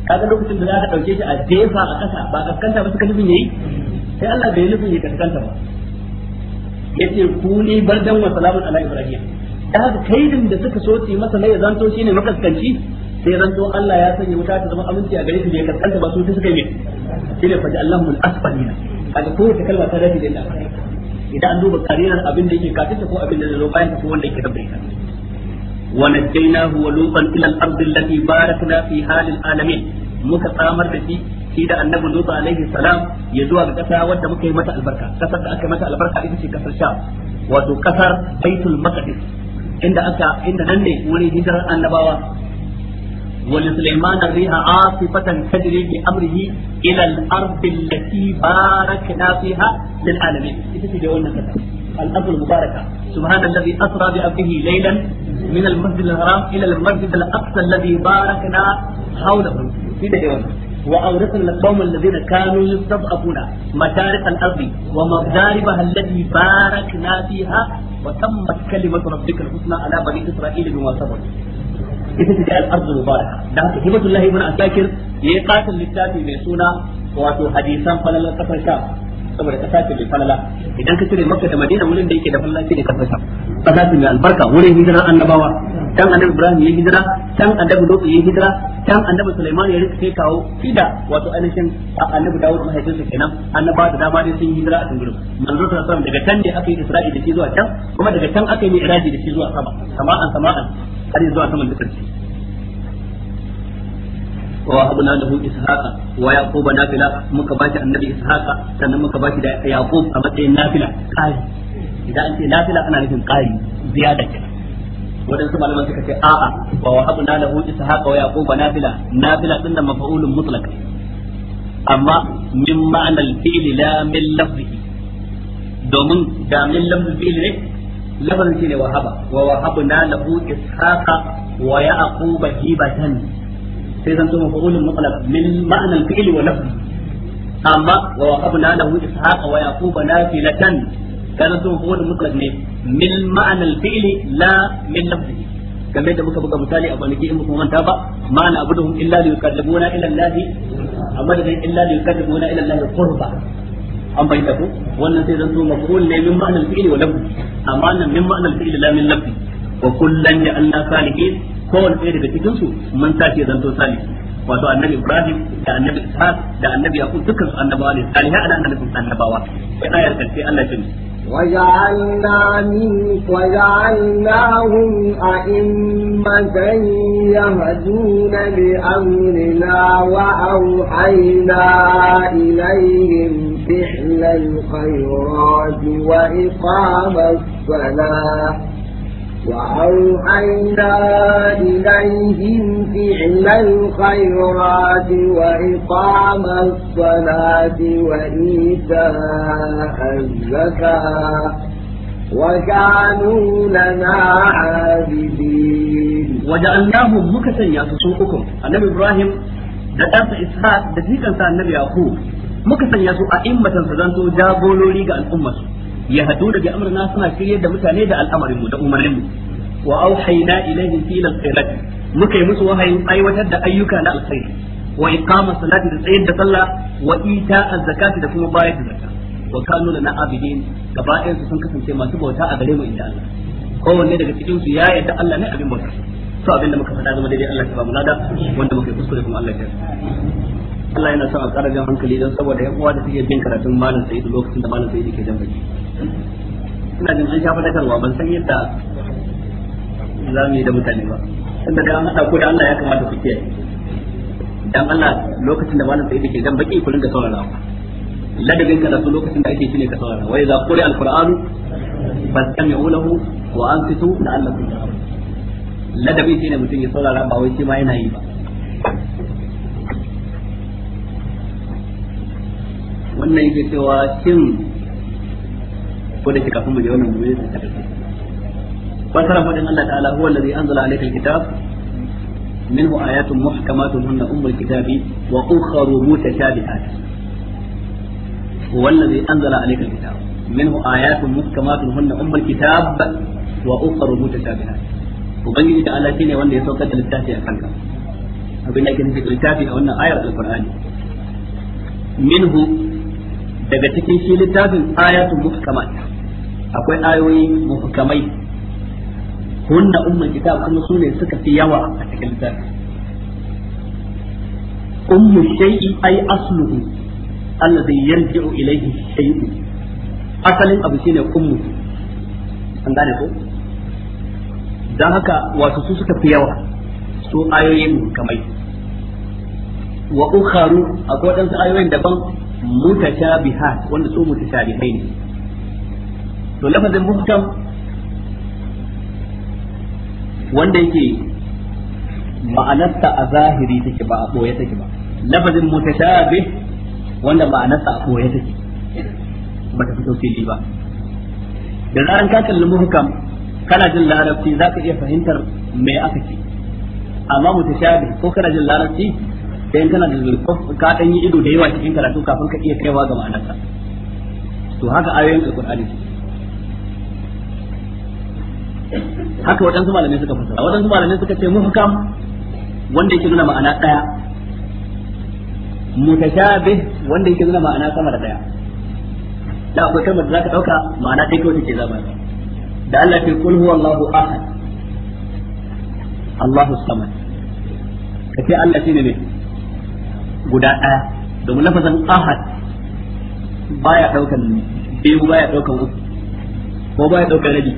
kaga lokacin da za ka ɗauke shi a jefa a kasa ba kaskanta ba suka nufin yayi sai Allah bai nufin ya kaskanta ba yace ku ni bardan wa salamun ala ibrahim da haka kaidin da suka so su yi masa na ya zanto shine makaskanci sai ya zanto Allah ya sanya wuta ta zama aminci a gare su bai kaskanta ba su ta suka yi shine faɗi Allahu al-asfalina kaga kowace kalma ta dace da idan an duba karirar abin da yake kafin ko abin da zai zo bayan ko wanda yake tabbata ونجيناه ولوطا الى الارض التي باركنا فيها للعالمين muka tsamar da shi shi da annabi Lutu alaihi salam ya zuwa ga kasa wadda muka yi mata albarka kasar da aka yi mata albarka ita ce kasar Sham wato kasar Baitul Maqdis inda aka inda nan ne wani hijirar annabawa wani Sulaiman riha a sifatan tajiri bi amrihi ila al-ardi allati barakna fiha lil alamin ita ce wannan kaza al-ardul mubaraka subhanallazi asra bi abdihi laylan min al-masjid al-haram ila al-masjid al-aqsa alladhi barakna hawla shi da wannan وأورثنا القوم الذين كانوا يستضعفون مشارق الأرض ومغاربها التي باركنا فيها وتمت كلمة ربك الحسنى على بني إسرائيل بما صبروا ita ce al'arzu mubaraka da haka hibatullah ibn asakir ya yi katin littafi mai suna wato hadisan falalar kasar sha saboda kasa ce mai falala idan ka cire maka da madina wurin da yake da falala ne kasar kasa ce mai albarka wurin hijirar annabawa dan annabi ibrahim ya hijira dan annabi lutsu ya hijira dan annabi Sulaiman ya rika sai kawo fida wato ainihin annabi Dawud mahaifinsa kenan annaba da dama ne sun yi hijira a tungurin manzo ta sallam daga can ne aka yi Isra'i da shi zuwa can kuma daga can aka yi Mi'raji da shi zuwa sama sama'an sama'an har zuwa saman dukkan ووهبنا wa اسحاق ويعقوب nafila muka baki annabi ishaqa sannan muka baki da yaqub a matsayin nafila qari idan an ce nafila ana nufin qari ziyada waɗansu malaman suka ce a'a wa wahabna lahu ishaqa wa yaquba nafila nafila din nan mafa'ulun mutlaq amma min ma'anar fi'li la min lafzihi domin da min lafzin fi'li ne lafzin shine wahaba wa wahabna lahu ishaqa wa yaquba hibatan sai zan to mafa'ulun mutlaq min ma'anar fi'li wa lafzi amma wa wahabna lahu ishaqa wa yaquba nafilatan kana to mafa'ulun mutlaq ne min ma'anar fi'li la min lafzihi kamar da muka buga misali a kwanaki in kuma manta ba ma'ana abuduhum illa li yuqarribuna ila allahi amma da illa li yuqarribuna ila allahi qurba an bayyana ko wannan sai zan so maf'ul ne min ma'anar fi'li wa lafzi amma nan min ma'anar fi'li la min lafzi wa kullan ja'alna salihin kowanne ɗaya daga cikin su mun sace zan to salih wato annabi ibrahim da annabi ishaq da annabi yaqub dukkan su annabawa ne salihai ana annabin annabawa sai ayar karshe Allah ya وجعلنا من وجعلناهم أئمة يهدون بأمرنا وأوحينا إليهم فعل الخيرات وإقام الصلاة وأوحينا إليهم فعل الخيرات وإقام الصلاة وإيتاء الزكاة وكانوا لنا عابدين وجعلناهم مكسا يسوقكم النبي إبراهيم da ɗansa Ishaq da jikansa annabi Yaqub muka sanya su a immatan su zanto jagorori ga al'ummarsu ya hadu da bi amrina suna shiryar da mutane da al'amarin mu da umarnin mu wa auhayna ilaihim fi al-khairat muka yi musu wahayin aiwatar da ayyuka na alkhairi wa iqama salati da tsayar da sallah wa ita zakati da kuma bayar da zakka wa kanu lana abidin gaba su sun kasance masu bauta a gare mu inda Allah kowanne daga cikin su ya yadda Allah ne abin bauta to abin da muka faɗa zama daidai Allah ya ba mu lada wanda muka kuskure kuma Allah ya Allah yana son a ƙara jan hankali don saboda yan uwa da suke bin karatun malam sai lokacin da malam sai ke jan baki ina jin an shafa takarwa ban san yadda za mu yi da mutane ba tunda da an haɗa ko da Allah ya kamata ku ce. dan Allah lokacin da malam sai da ke dan baki ku da saurara ladabin ka da su lokacin da ake shine ka saurara wai za quri alqur'anu fastami'u lahu wa ansitu la'allakum tarhamun ladabi shine mutum ya saurara ba wai shi ma yana yi ba wannan yake cewa shin ko da kafin mu je wannan mu yi ta kace fasara fadin Allah ta'ala huwa allazi anzala alayka alkitab منه آيات محكمات هن أم الكتاب وأخر متشابهات هو الذي أنزل عليك الكتاب منه آيات محكمات هن أم الكتاب وأخر متشابهات ubangiji da Allah shine wanda ya saukar da littafi a kanka abin da nufi littafi a wannan ayar alqur'ani minhu daga cikin shi littafin ayatun muhkamat akwai ayoyi muhkamai hunna ummul kitab kuma su ne suka fi yawa a cikin littafi ummu shay'i ay asluhu alladhi yarji'u ilayhi shay'u asalin abu shine ummu an gane ko dan haka wato su suka fi yawa su ayoyin muhkamai wa ukharu akwai dan ayoyin daban mutashabihat wanda su mutashabihai ne to lafazin muhkam wanda yake ma'anarsa a zahiri take ba a ɓoye take ba lafazin mutashabih wanda ma'anarsa a ɓoye take ba ta fito fili ba da zaran ka kalli muhkam kana jin larabci za ka iya fahimtar me aka ce amma mutashabih ko kana jin larabci sai kana da zulkuf ka dan yi ido da yawa cikin karatu kafin ka iya kaiwa ga ma'anarsa to haka ayoyin alqur'ani haka waɗansu malamai suka fasara waɗansu malamai suka ce muhkam wanda yake nuna ma'ana ɗaya mutashabih wanda yake nuna ma'ana sama da ɗaya da akwai kalmar da zaka dauka ma'ana ɗaya kawai take zama da Allah ke kulhu huwallahu ahad Allahu samad kace Allah shine ne guda ɗaya domin lafazan ahad baya daukan biyu baya daukan uku ko baya daukan rabi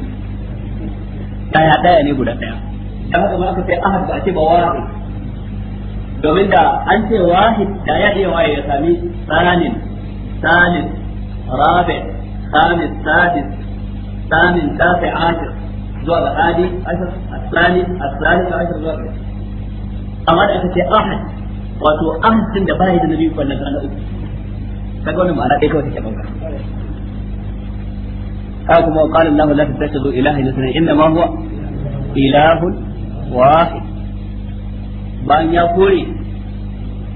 daya daya ne guda daya dan haka ma aka ce ahad da ake ba wahid domin da an ce wahid da ya iya waye ya sami sanin sanin rabi khamis sadis sanin dafi ahad zuwa ga hadi ashir asani ka ga ashir zuwa ga amma da aka ce ahad wato ahad din da bai da nabi kwallon da uku kaga wannan ma'ana kai kawai take bangaren haka kuma qala Allahu la bayan ya kore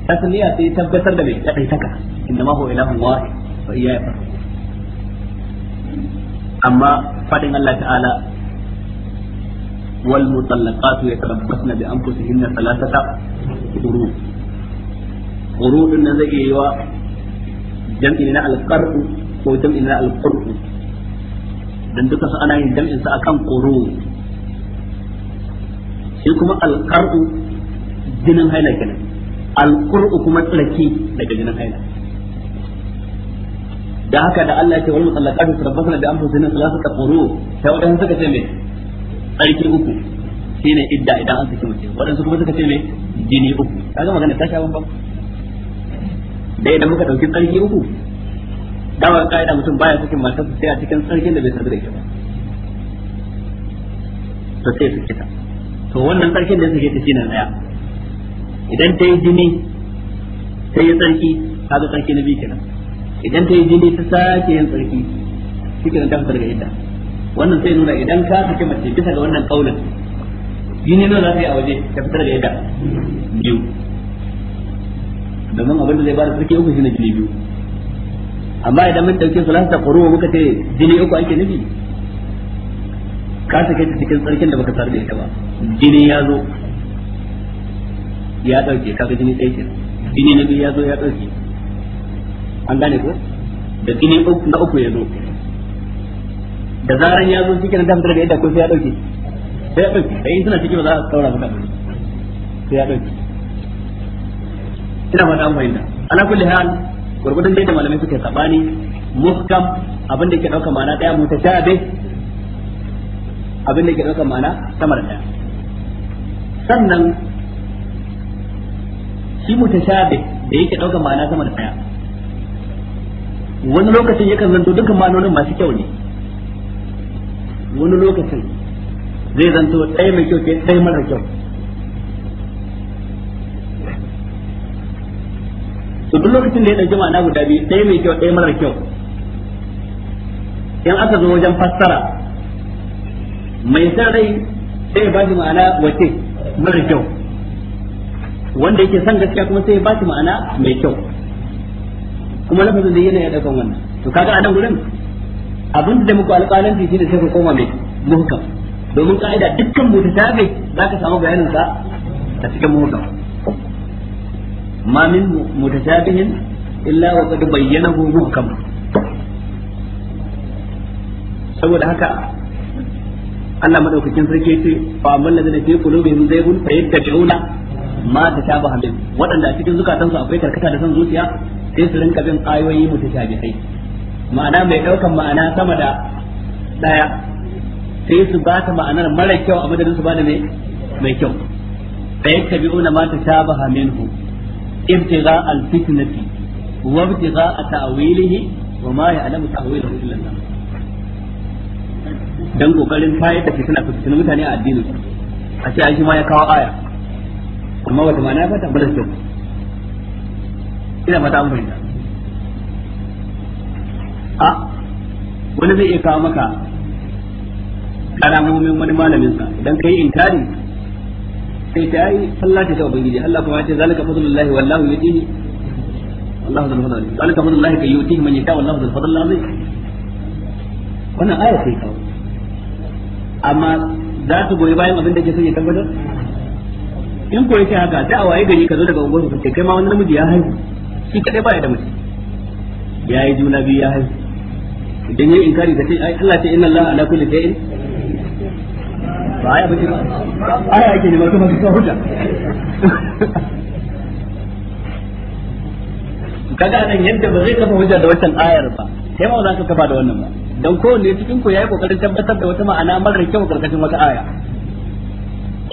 tasliya sai tabbatar da mai kadai taka inna Allah ta'ala wal mutallaqatu yatarabbasna zai dan duka su ana yin jam'in sa akan koro shi kuma alqaru jinin haila kenan alquru kuma tsarki daga jinin haila da haka da Allah ya ce wal mutallaqatu tarabbasna bi anfusihinna thalathata quru ta wadansu suka ce me tsarki uku shine idda idan an suke mace Waɗansu kuma suka ce me jini uku kaga magana ta sha bambam da idan muka dauki tsarki uku dawar ka'ida mutum baya cikin matar sai a cikin sarkin da bai sadu da ita ba to sai su kita to wannan sarkin da suke ta shi nan daya idan ta yi jini ta ya tsarki ta zo tsarki na biyu kenan idan ta yi jini ta sake yin tsarki shi kenan ta fitar ga yadda. wannan sai nuna idan ka saki mace bisa ga wannan kaulin jini nawa za ta yi a waje ta fitar da yadda biyu domin abin da zai ba da tsarki uku shi na jini biyu amma idan mun dauke ta quru muka ce jini uku ake nufi ka sake ta cikin tsarkin da baka sarbe ita ba jini ya zo ya dauke ga jini ɗaya jini na biyu ya zo ya dauke an gane ko da jini uku na uku ya zo da zaran ya zo cikin da fitar da yadda ko sai ya dauke sai ya dauke sai suna ciki ba za a saura maka sai ya dauke ina fata amfani da, ala kulli hal gurgudun dai da malamai suke sabani muskam abin da ke dauka mana daya mutashabih abin da ke dauka mana samar daya sannan shi mutashabih da yake dauka mana samar daya wani lokacin yakan zanto dukkan ma'anonin masu kyau ne wani lokacin zai zanto ɗaya mai kyau ke ɗaya mara kyau to duk lokacin da ya dauki ma'ana guda biyu ɗaya mai kyau ɗaya marar kyau in aka zo wajen fassara mai san rai sai ya ba shi ma'ana wace marar kyau wanda yake san gaskiya kuma sai ya ba shi ma'ana mai kyau kuma lafazin da yana ya daukan wannan to kaga a nan gurin abin da muku alƙalanci shine sai ku koma mai muhkam domin ka'ida dukkan mu ta za zaka samu bayanin sa a cikin muhkam ما من متشابه illa وقد بينه محكم muhkam saboda haka Allah دوك sarki ce fa amman ladina fi qulubihim zaygun fa yattabi'una ma tashabaha min wadanda a cikin zukatansu akwai karkata da san zuciya sai su rinka bin ayoyi mutashabihai ma'ana mai daukan ma'ana sama da daya sai su ba ma'anar mara kyau a madadin su ba da mai kyau fa yattabi'una ma tashabaha minhu ابتغاء الفتنة وابتغاء تأويله وما يعلم تأويله إلا الله dan kokarin fayar da fitina fitina mutane a addini a ce ai ma ya kawo aya amma wata ma'ana ba fata bada kyau ina fata an fahimta a wani zai iya kawo maka karamomin wani malamin sa idan kai inkari sai ta yi Allah ta ga ubangiji Allah kuma ya ce zalika fadlullahi wallahu yutihi wallahu zul fadl zalika fadlullahi kay yutihi man yasha wallahu zul fadl azim wannan aya sai kawo amma za ta goyi bayan abin da ke son ya tabbatar in ko yake haka sai a waye gari ka zo daga unguwar ka kai ma wani namiji ya haihu shi kadai baya da mace ya yi juna biyu ya haihu idan yayi inkari ka ce ai Allah ta inna Allah ala kulli shay'in ba aya bace ba aya ake ne kuma ka hujja kaga nan yadda ba zai kafa hujja da wannan ayar ba sai ma za ka kafa da wannan ba dan kowanne cikin ku yayi kokarin tabbatar da wata ma'ana marar kyau karkashin wata aya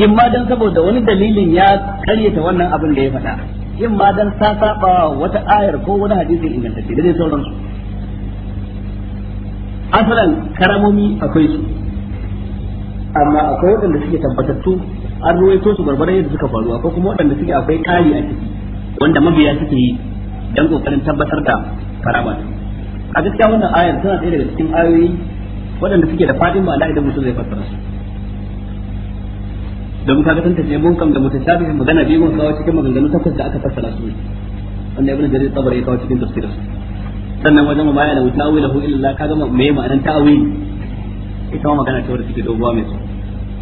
in ma dan saboda wani dalilin ya karyata wannan abin da ya faɗa in ma dan ta saba wata ayar ko wani hadisi ingantacce da dai sauransu asalan karamomi akwai su amma akwai waɗanda suke tabbatattu an ruwaito su barbara yadda suka faru akwai kuma waɗanda suke akwai kari a ciki wanda mabiya suke yi don kokarin tabbatar da karama a gaskiya wannan ayar tana ɗaya daga cikin ayoyi waɗanda suke da fadin ma'ana idan mutum zai fassara su domin kaga tantance mun kam da mutashabihin magana biyu mun kawo cikin maganganu takwas da aka fassara su wanda ibn jarir tabari ya kawo cikin tafsirin sannan wajen ma ya la ta'wilahu illa ga me ma'anar ta'wil ita ma magana ta wadda take doguwa mai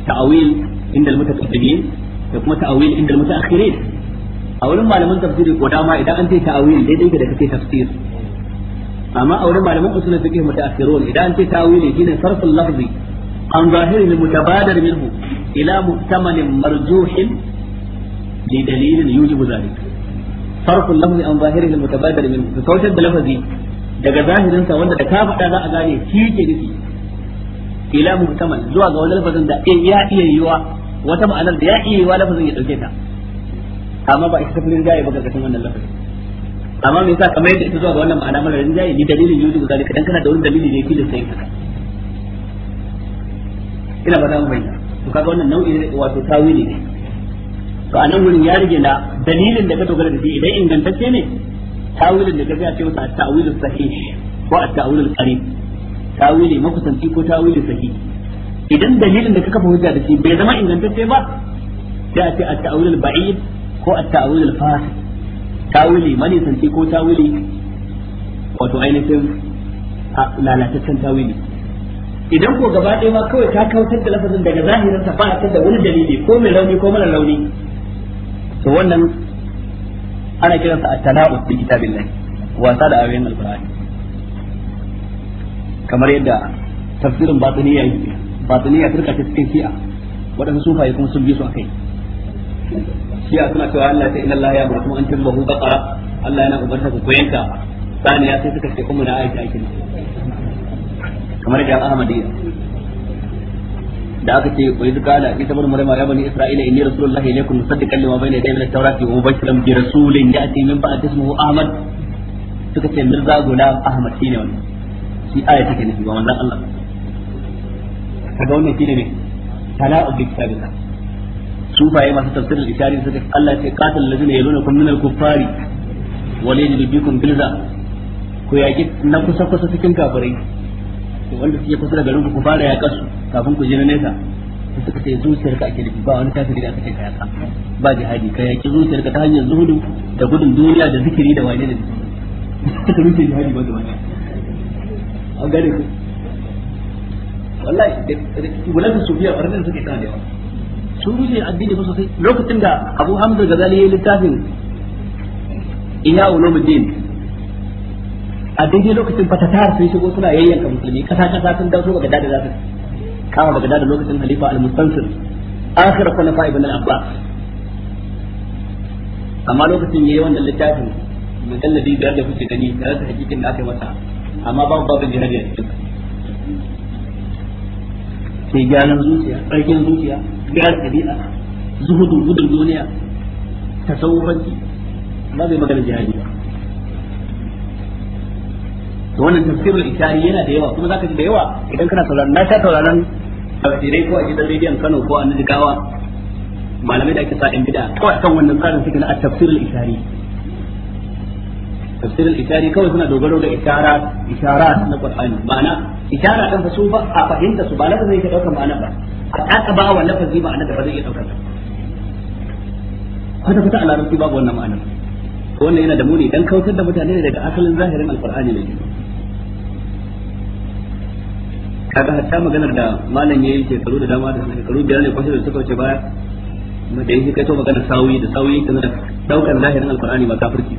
ta'awil inda almutaqaddimin da kuma ta'awil inda almutaakhirin a wurin malaman tafsiri ko dama idan an ce ta'awil daidai da kake tafsir amma a wurin malaman usulul fiqh mutaakhirun idan an ce ta'awil shine sarful lafzi an zahiri mutabadir minhu ila muhtamalin marjuhin li dalilin yujibu zalika صرف اللفظ عن ظاهره المتبادر منه da لفظي daga zahirinsa wanda da ka faɗa za a gane shi ke nufi ila muhtamal zuwa ga wani lafazin da in ya iya yiwa wata ma'anar da ya iya yiwa lafazin ya dauke ta amma ba ita tafirin jaye ba karkashin wannan lafazin amma me yasa kamar yadda ita zuwa ga wannan ma'ana mara jayi ni dalilin yuzu zalika dan kana da wani dalili ne filin sai haka ina ba za mu bayyana to kaga wannan nau'i ne wato tawili ne to a nan gurin ya rige na dalilin da ka dogara da shi idan ingantacce ne tawilin da ka ga ce masa at-ta'wilus sahih ko at-ta'wilul qarib tawili makusanci ko tawili sahihi idan dalilin da ka kafa hujja da shi bai zama ingantacce ba sai a ce a tawil al-ba'id ko a tawil al-fasid tawili manisanci ko tawili wato ainihin lalataccen tawili idan ko gaba ɗaya ma kawai ta kautar da lafazin daga zahirin ta fara ta da wani dalili ko mai rauni ko mara rauni to wannan ana kiransa at-tala'u bi kitabillah wasa da al alqur'ani kamar yadda tafsirin batiniya yake batiniya turka ta cikin shi'a waɗansu sufaye kuma sun bi su akai shi'a suna cewa Allah ta inna Allah ya mutu an hu baqara Allah yana ubarta ku koyanka saniya sai suka ce kuma na aiki kin kamar da Ahmadiyya da aka ce wai duka ala isa bin maryam ya bani isra'ila inni rasulullah ilaykum musaddiqan lima bayna yadayhi min at-taurati wa mubashiran bi rasulin ya'ti min ba'di ismihi ahmad suka ce mirza gulam ahmad shine wannan shi aya take nufi ba manzon Allah kaga wannan shine ne tala'u bi kitabillah sufaye masu tafsirin ishari suka Allah ce qatal ladina yalunakum min al-kuffari wa yajidu bikum bilza ku yaki na kusa kusa cikin kafirai wanda suke kusa da garin ku fara ya kasu kafin ku je na nesa su suka ce zuciyar ka ake nufi ba wani kafiri da aka ce ka yaka ba jihadi ka yaki zuciyar ka ta hanyar zuhudu da gudun duniya da zikiri da wane da suka rufe jihadi ba da wani an gane ku wallahi wulatin barnin suke tana da yawa sun addini ba sosai lokacin da abu hamza ya a daidai lokacin fatatar sun shigo suna yayyanka musulmi kasa kasa sun dada za kama daga da lokacin halifa al-mustansir akhir khulafa ibn al-abbas amma lokacin yayi wannan littafin biyar da kuke gani da rasa hakikin da aka yi amma babu babin jihadi a cikin sai gyaran zuciya tsarkin zuciya gyara ƙabi'a zuhudu gudun duniya ta tasawufanci ba zai magana jihadi ba to wannan tafsirin ishari yana da yawa kuma zaka ji da yawa idan kana sauraron na ta sauraron tafsirai ko a gidan rediyon Kano ko a Nijigawa malamai da ake sa in bid'a kawai kan wannan tsarin suke na tafsirul ishari tafsirin ishari kawai suna dogaro da ishara ishara na qur'ani ma'ana ishara dan fa su ba a fahimta su ba zai ka dauka ma'ana ba a kaka ba wa lafazi ma'ana da ba zai iya daukar ta kwata kwata a larabci babu wannan ma'ana to wannan yana da muni dan kautar da mutane ne daga asalin zahirin alqur'ani ne kaga hatta maganar da malam yayin shekaru da dama da shekaru biyar ne kwashe da suka wuce baya da yake kai to maganar sawi da sawi tana da daukar zahirin alqur'ani ba kafirci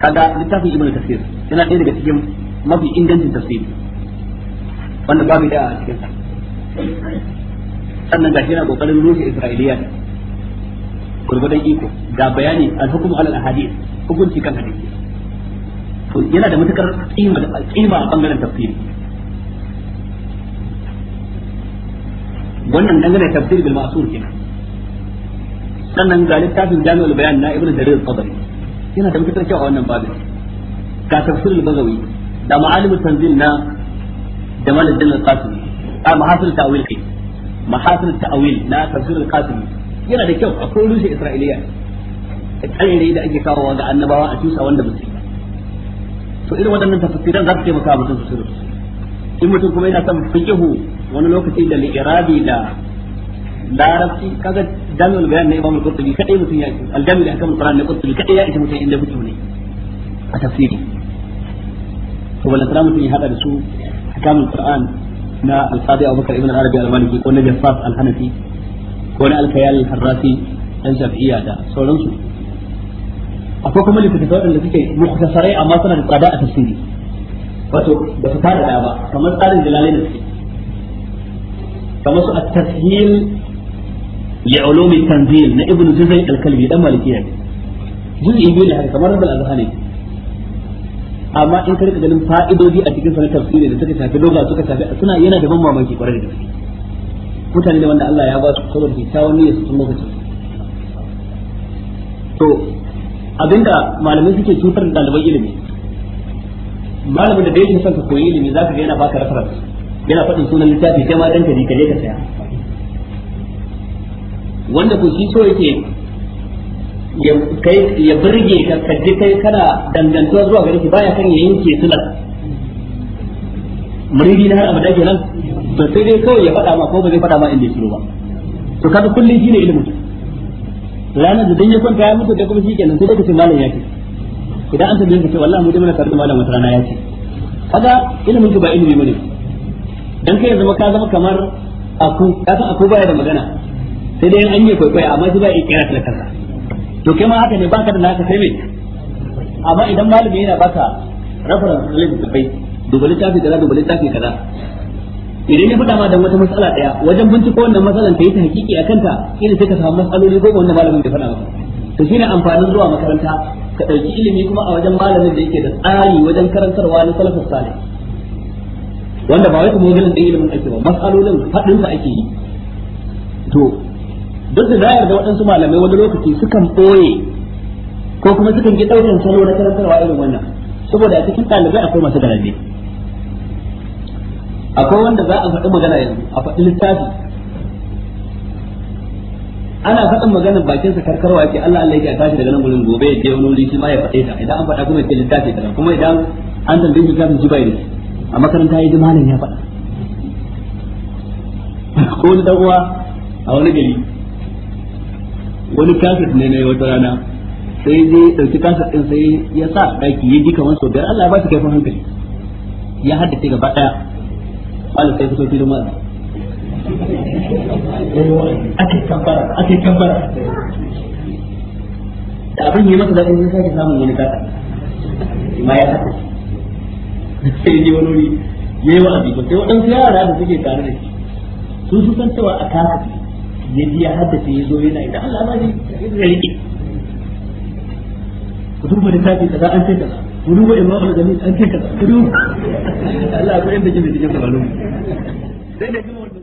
kaga littafin ibnu tafsir yana ɗaya daga cikin mafi ingancin tafsiri wanda babu da a cikin sa sannan gashi yana kokarin rushe isra'iliya gurgudan iko ga bayani al-hukmu ala al-ahadith hukunci kan hadisi to yana da matukar kima da kima a bangaren tafsiri wannan dangane tafsir bil ma'sur kenan sannan ga littafin jami'ul bayan na ibnu jarir al-qadri yana da mutuntar kyau a wannan babin ka tafsirul bagawi da ma'alimu tanzil na da maladdin al-qasim a mahasil ta'wil kai mahasil ta'wil na tafsirul qasim yana da kyau a akwai rushe isra'iliya tsare da ake kawowa ga annabawa a tusa wanda ba su to irin waɗannan tafsiran za su taimaka mutum su sirru in mutum kuma yana son fiqhu wani lokaci da li'irabi da larabci kaga الجامع البيان ان امام القرطبي كحي متي الجامع احكام القران القرطبي كحي يا متي ان لفت مني التفسير هو الاسلام في هذا السوء احكام القران نا القاضي ابو بكر ابن العربي المالكي كون جفاف الحنفي كون الكيال الحراسي ان شفعي هذا سولم سوء أقول لكم اللي كتبت أن لديك مختصري أماطنا لقضاء تفسيري وتو بفتار الآباء كما تقال الجلالين كما تقول التسهيل لعلوم التنزيل نا ابن جزي الكلبي دان مالكية جزء biyu ne haka kamar rabal azhani amma in ka rika ganin fa'idodi a cikin sanar tafsiri da suka shafi doga suka shafi suna yana da ban mamaki kwarai da gaske mutane ne wanda Allah ya ba su saboda kyakkyawan niyyar su lokaci to abinda malamai suke cutar da ɗaliban ilimi malamin da da yake son ka koyi ilimi zaka ga yana baka reference yana faɗin sunan littafi kai ma dan ka je ka saya wanda ku shi so yake ya burge ka kaji kai kana dangantuwa zuwa gare shi baya kan ya yanke sunan muridi na har abada kenan to sai dai kawai ya faɗa ma ko ba zai faɗa ma inda ya ba to kaga kullun shine ilimin ranar da dan ya kwanta ya mutu da kuma shi kenan sai da kace malam ya idan an tambaye ka ce wallahi mu dai muna tare da malam wata rana ya ce kaga ilimin ba ilimi bane dan kai ya zama ka zama kamar aku ka san aku baya da magana sai dai an yi kwaikwaya amma shi ba ya kira da kansa to kai ma haka ne baka da naka sai me amma idan malami yana baka reference link da bai duba littafi kaza ta fi kaza idan ya faɗa ma dan wata matsala daya wajen binciko wannan matsalan ta yi ta hakiki a kanta, irin sai ka samu matsaloli ko wannan malamin bai faɗa maka to shine amfanin zuwa makaranta ka ɗauki ilimi kuma a wajen malamin da yake da tsari wajen karantarwa na salafus salih wanda ba wai kuma wajen da ilimin ake ba matsalolin fadin da ake yi to duk da zayar da waɗansu malamai wani lokaci sukan ɓoye ko kuma sukan ki ɗaukan salo na karantarwa irin wannan saboda a cikin ɗalibai akwai masu garaje akwai wanda za a faɗi magana yanzu a faɗi littafi ana faɗin maganar bakin sa karkarwa yake Allah Allah yake a tashi daga nan gurin gobe ya je wani wuri shi ma ya faɗe ta idan an faɗa kuma ya ce littafi daga kuma idan an san bin littafin shi bai ne a makaranta ya ji malam ya faɗa ko wani dan uwa a wani gari wani kafet ne na wata rana sai dai dauki kafet ɗin sai ya sa ɗaki ya ji kamar sau biyar Allah ya ba shi kaifin hankali ya haddace gaba ɗaya Allah sai fito filin wa'azi ake kambara ake kambara da abin yi masa daɗin sai sake samun wani kasa ma ya haka sai je wani wuri ya yi wa'azi ba sai waɗansu yara da suke tare da shi su su san cewa a kasa ya ji ya haddace ya zo yana idan Allah ma zai rike ku duba da tafi kaza an ce kaza ku duba imam al-gani an ce kaza ku duba Allah akwai yadda kike cikin sabalun sai da kuma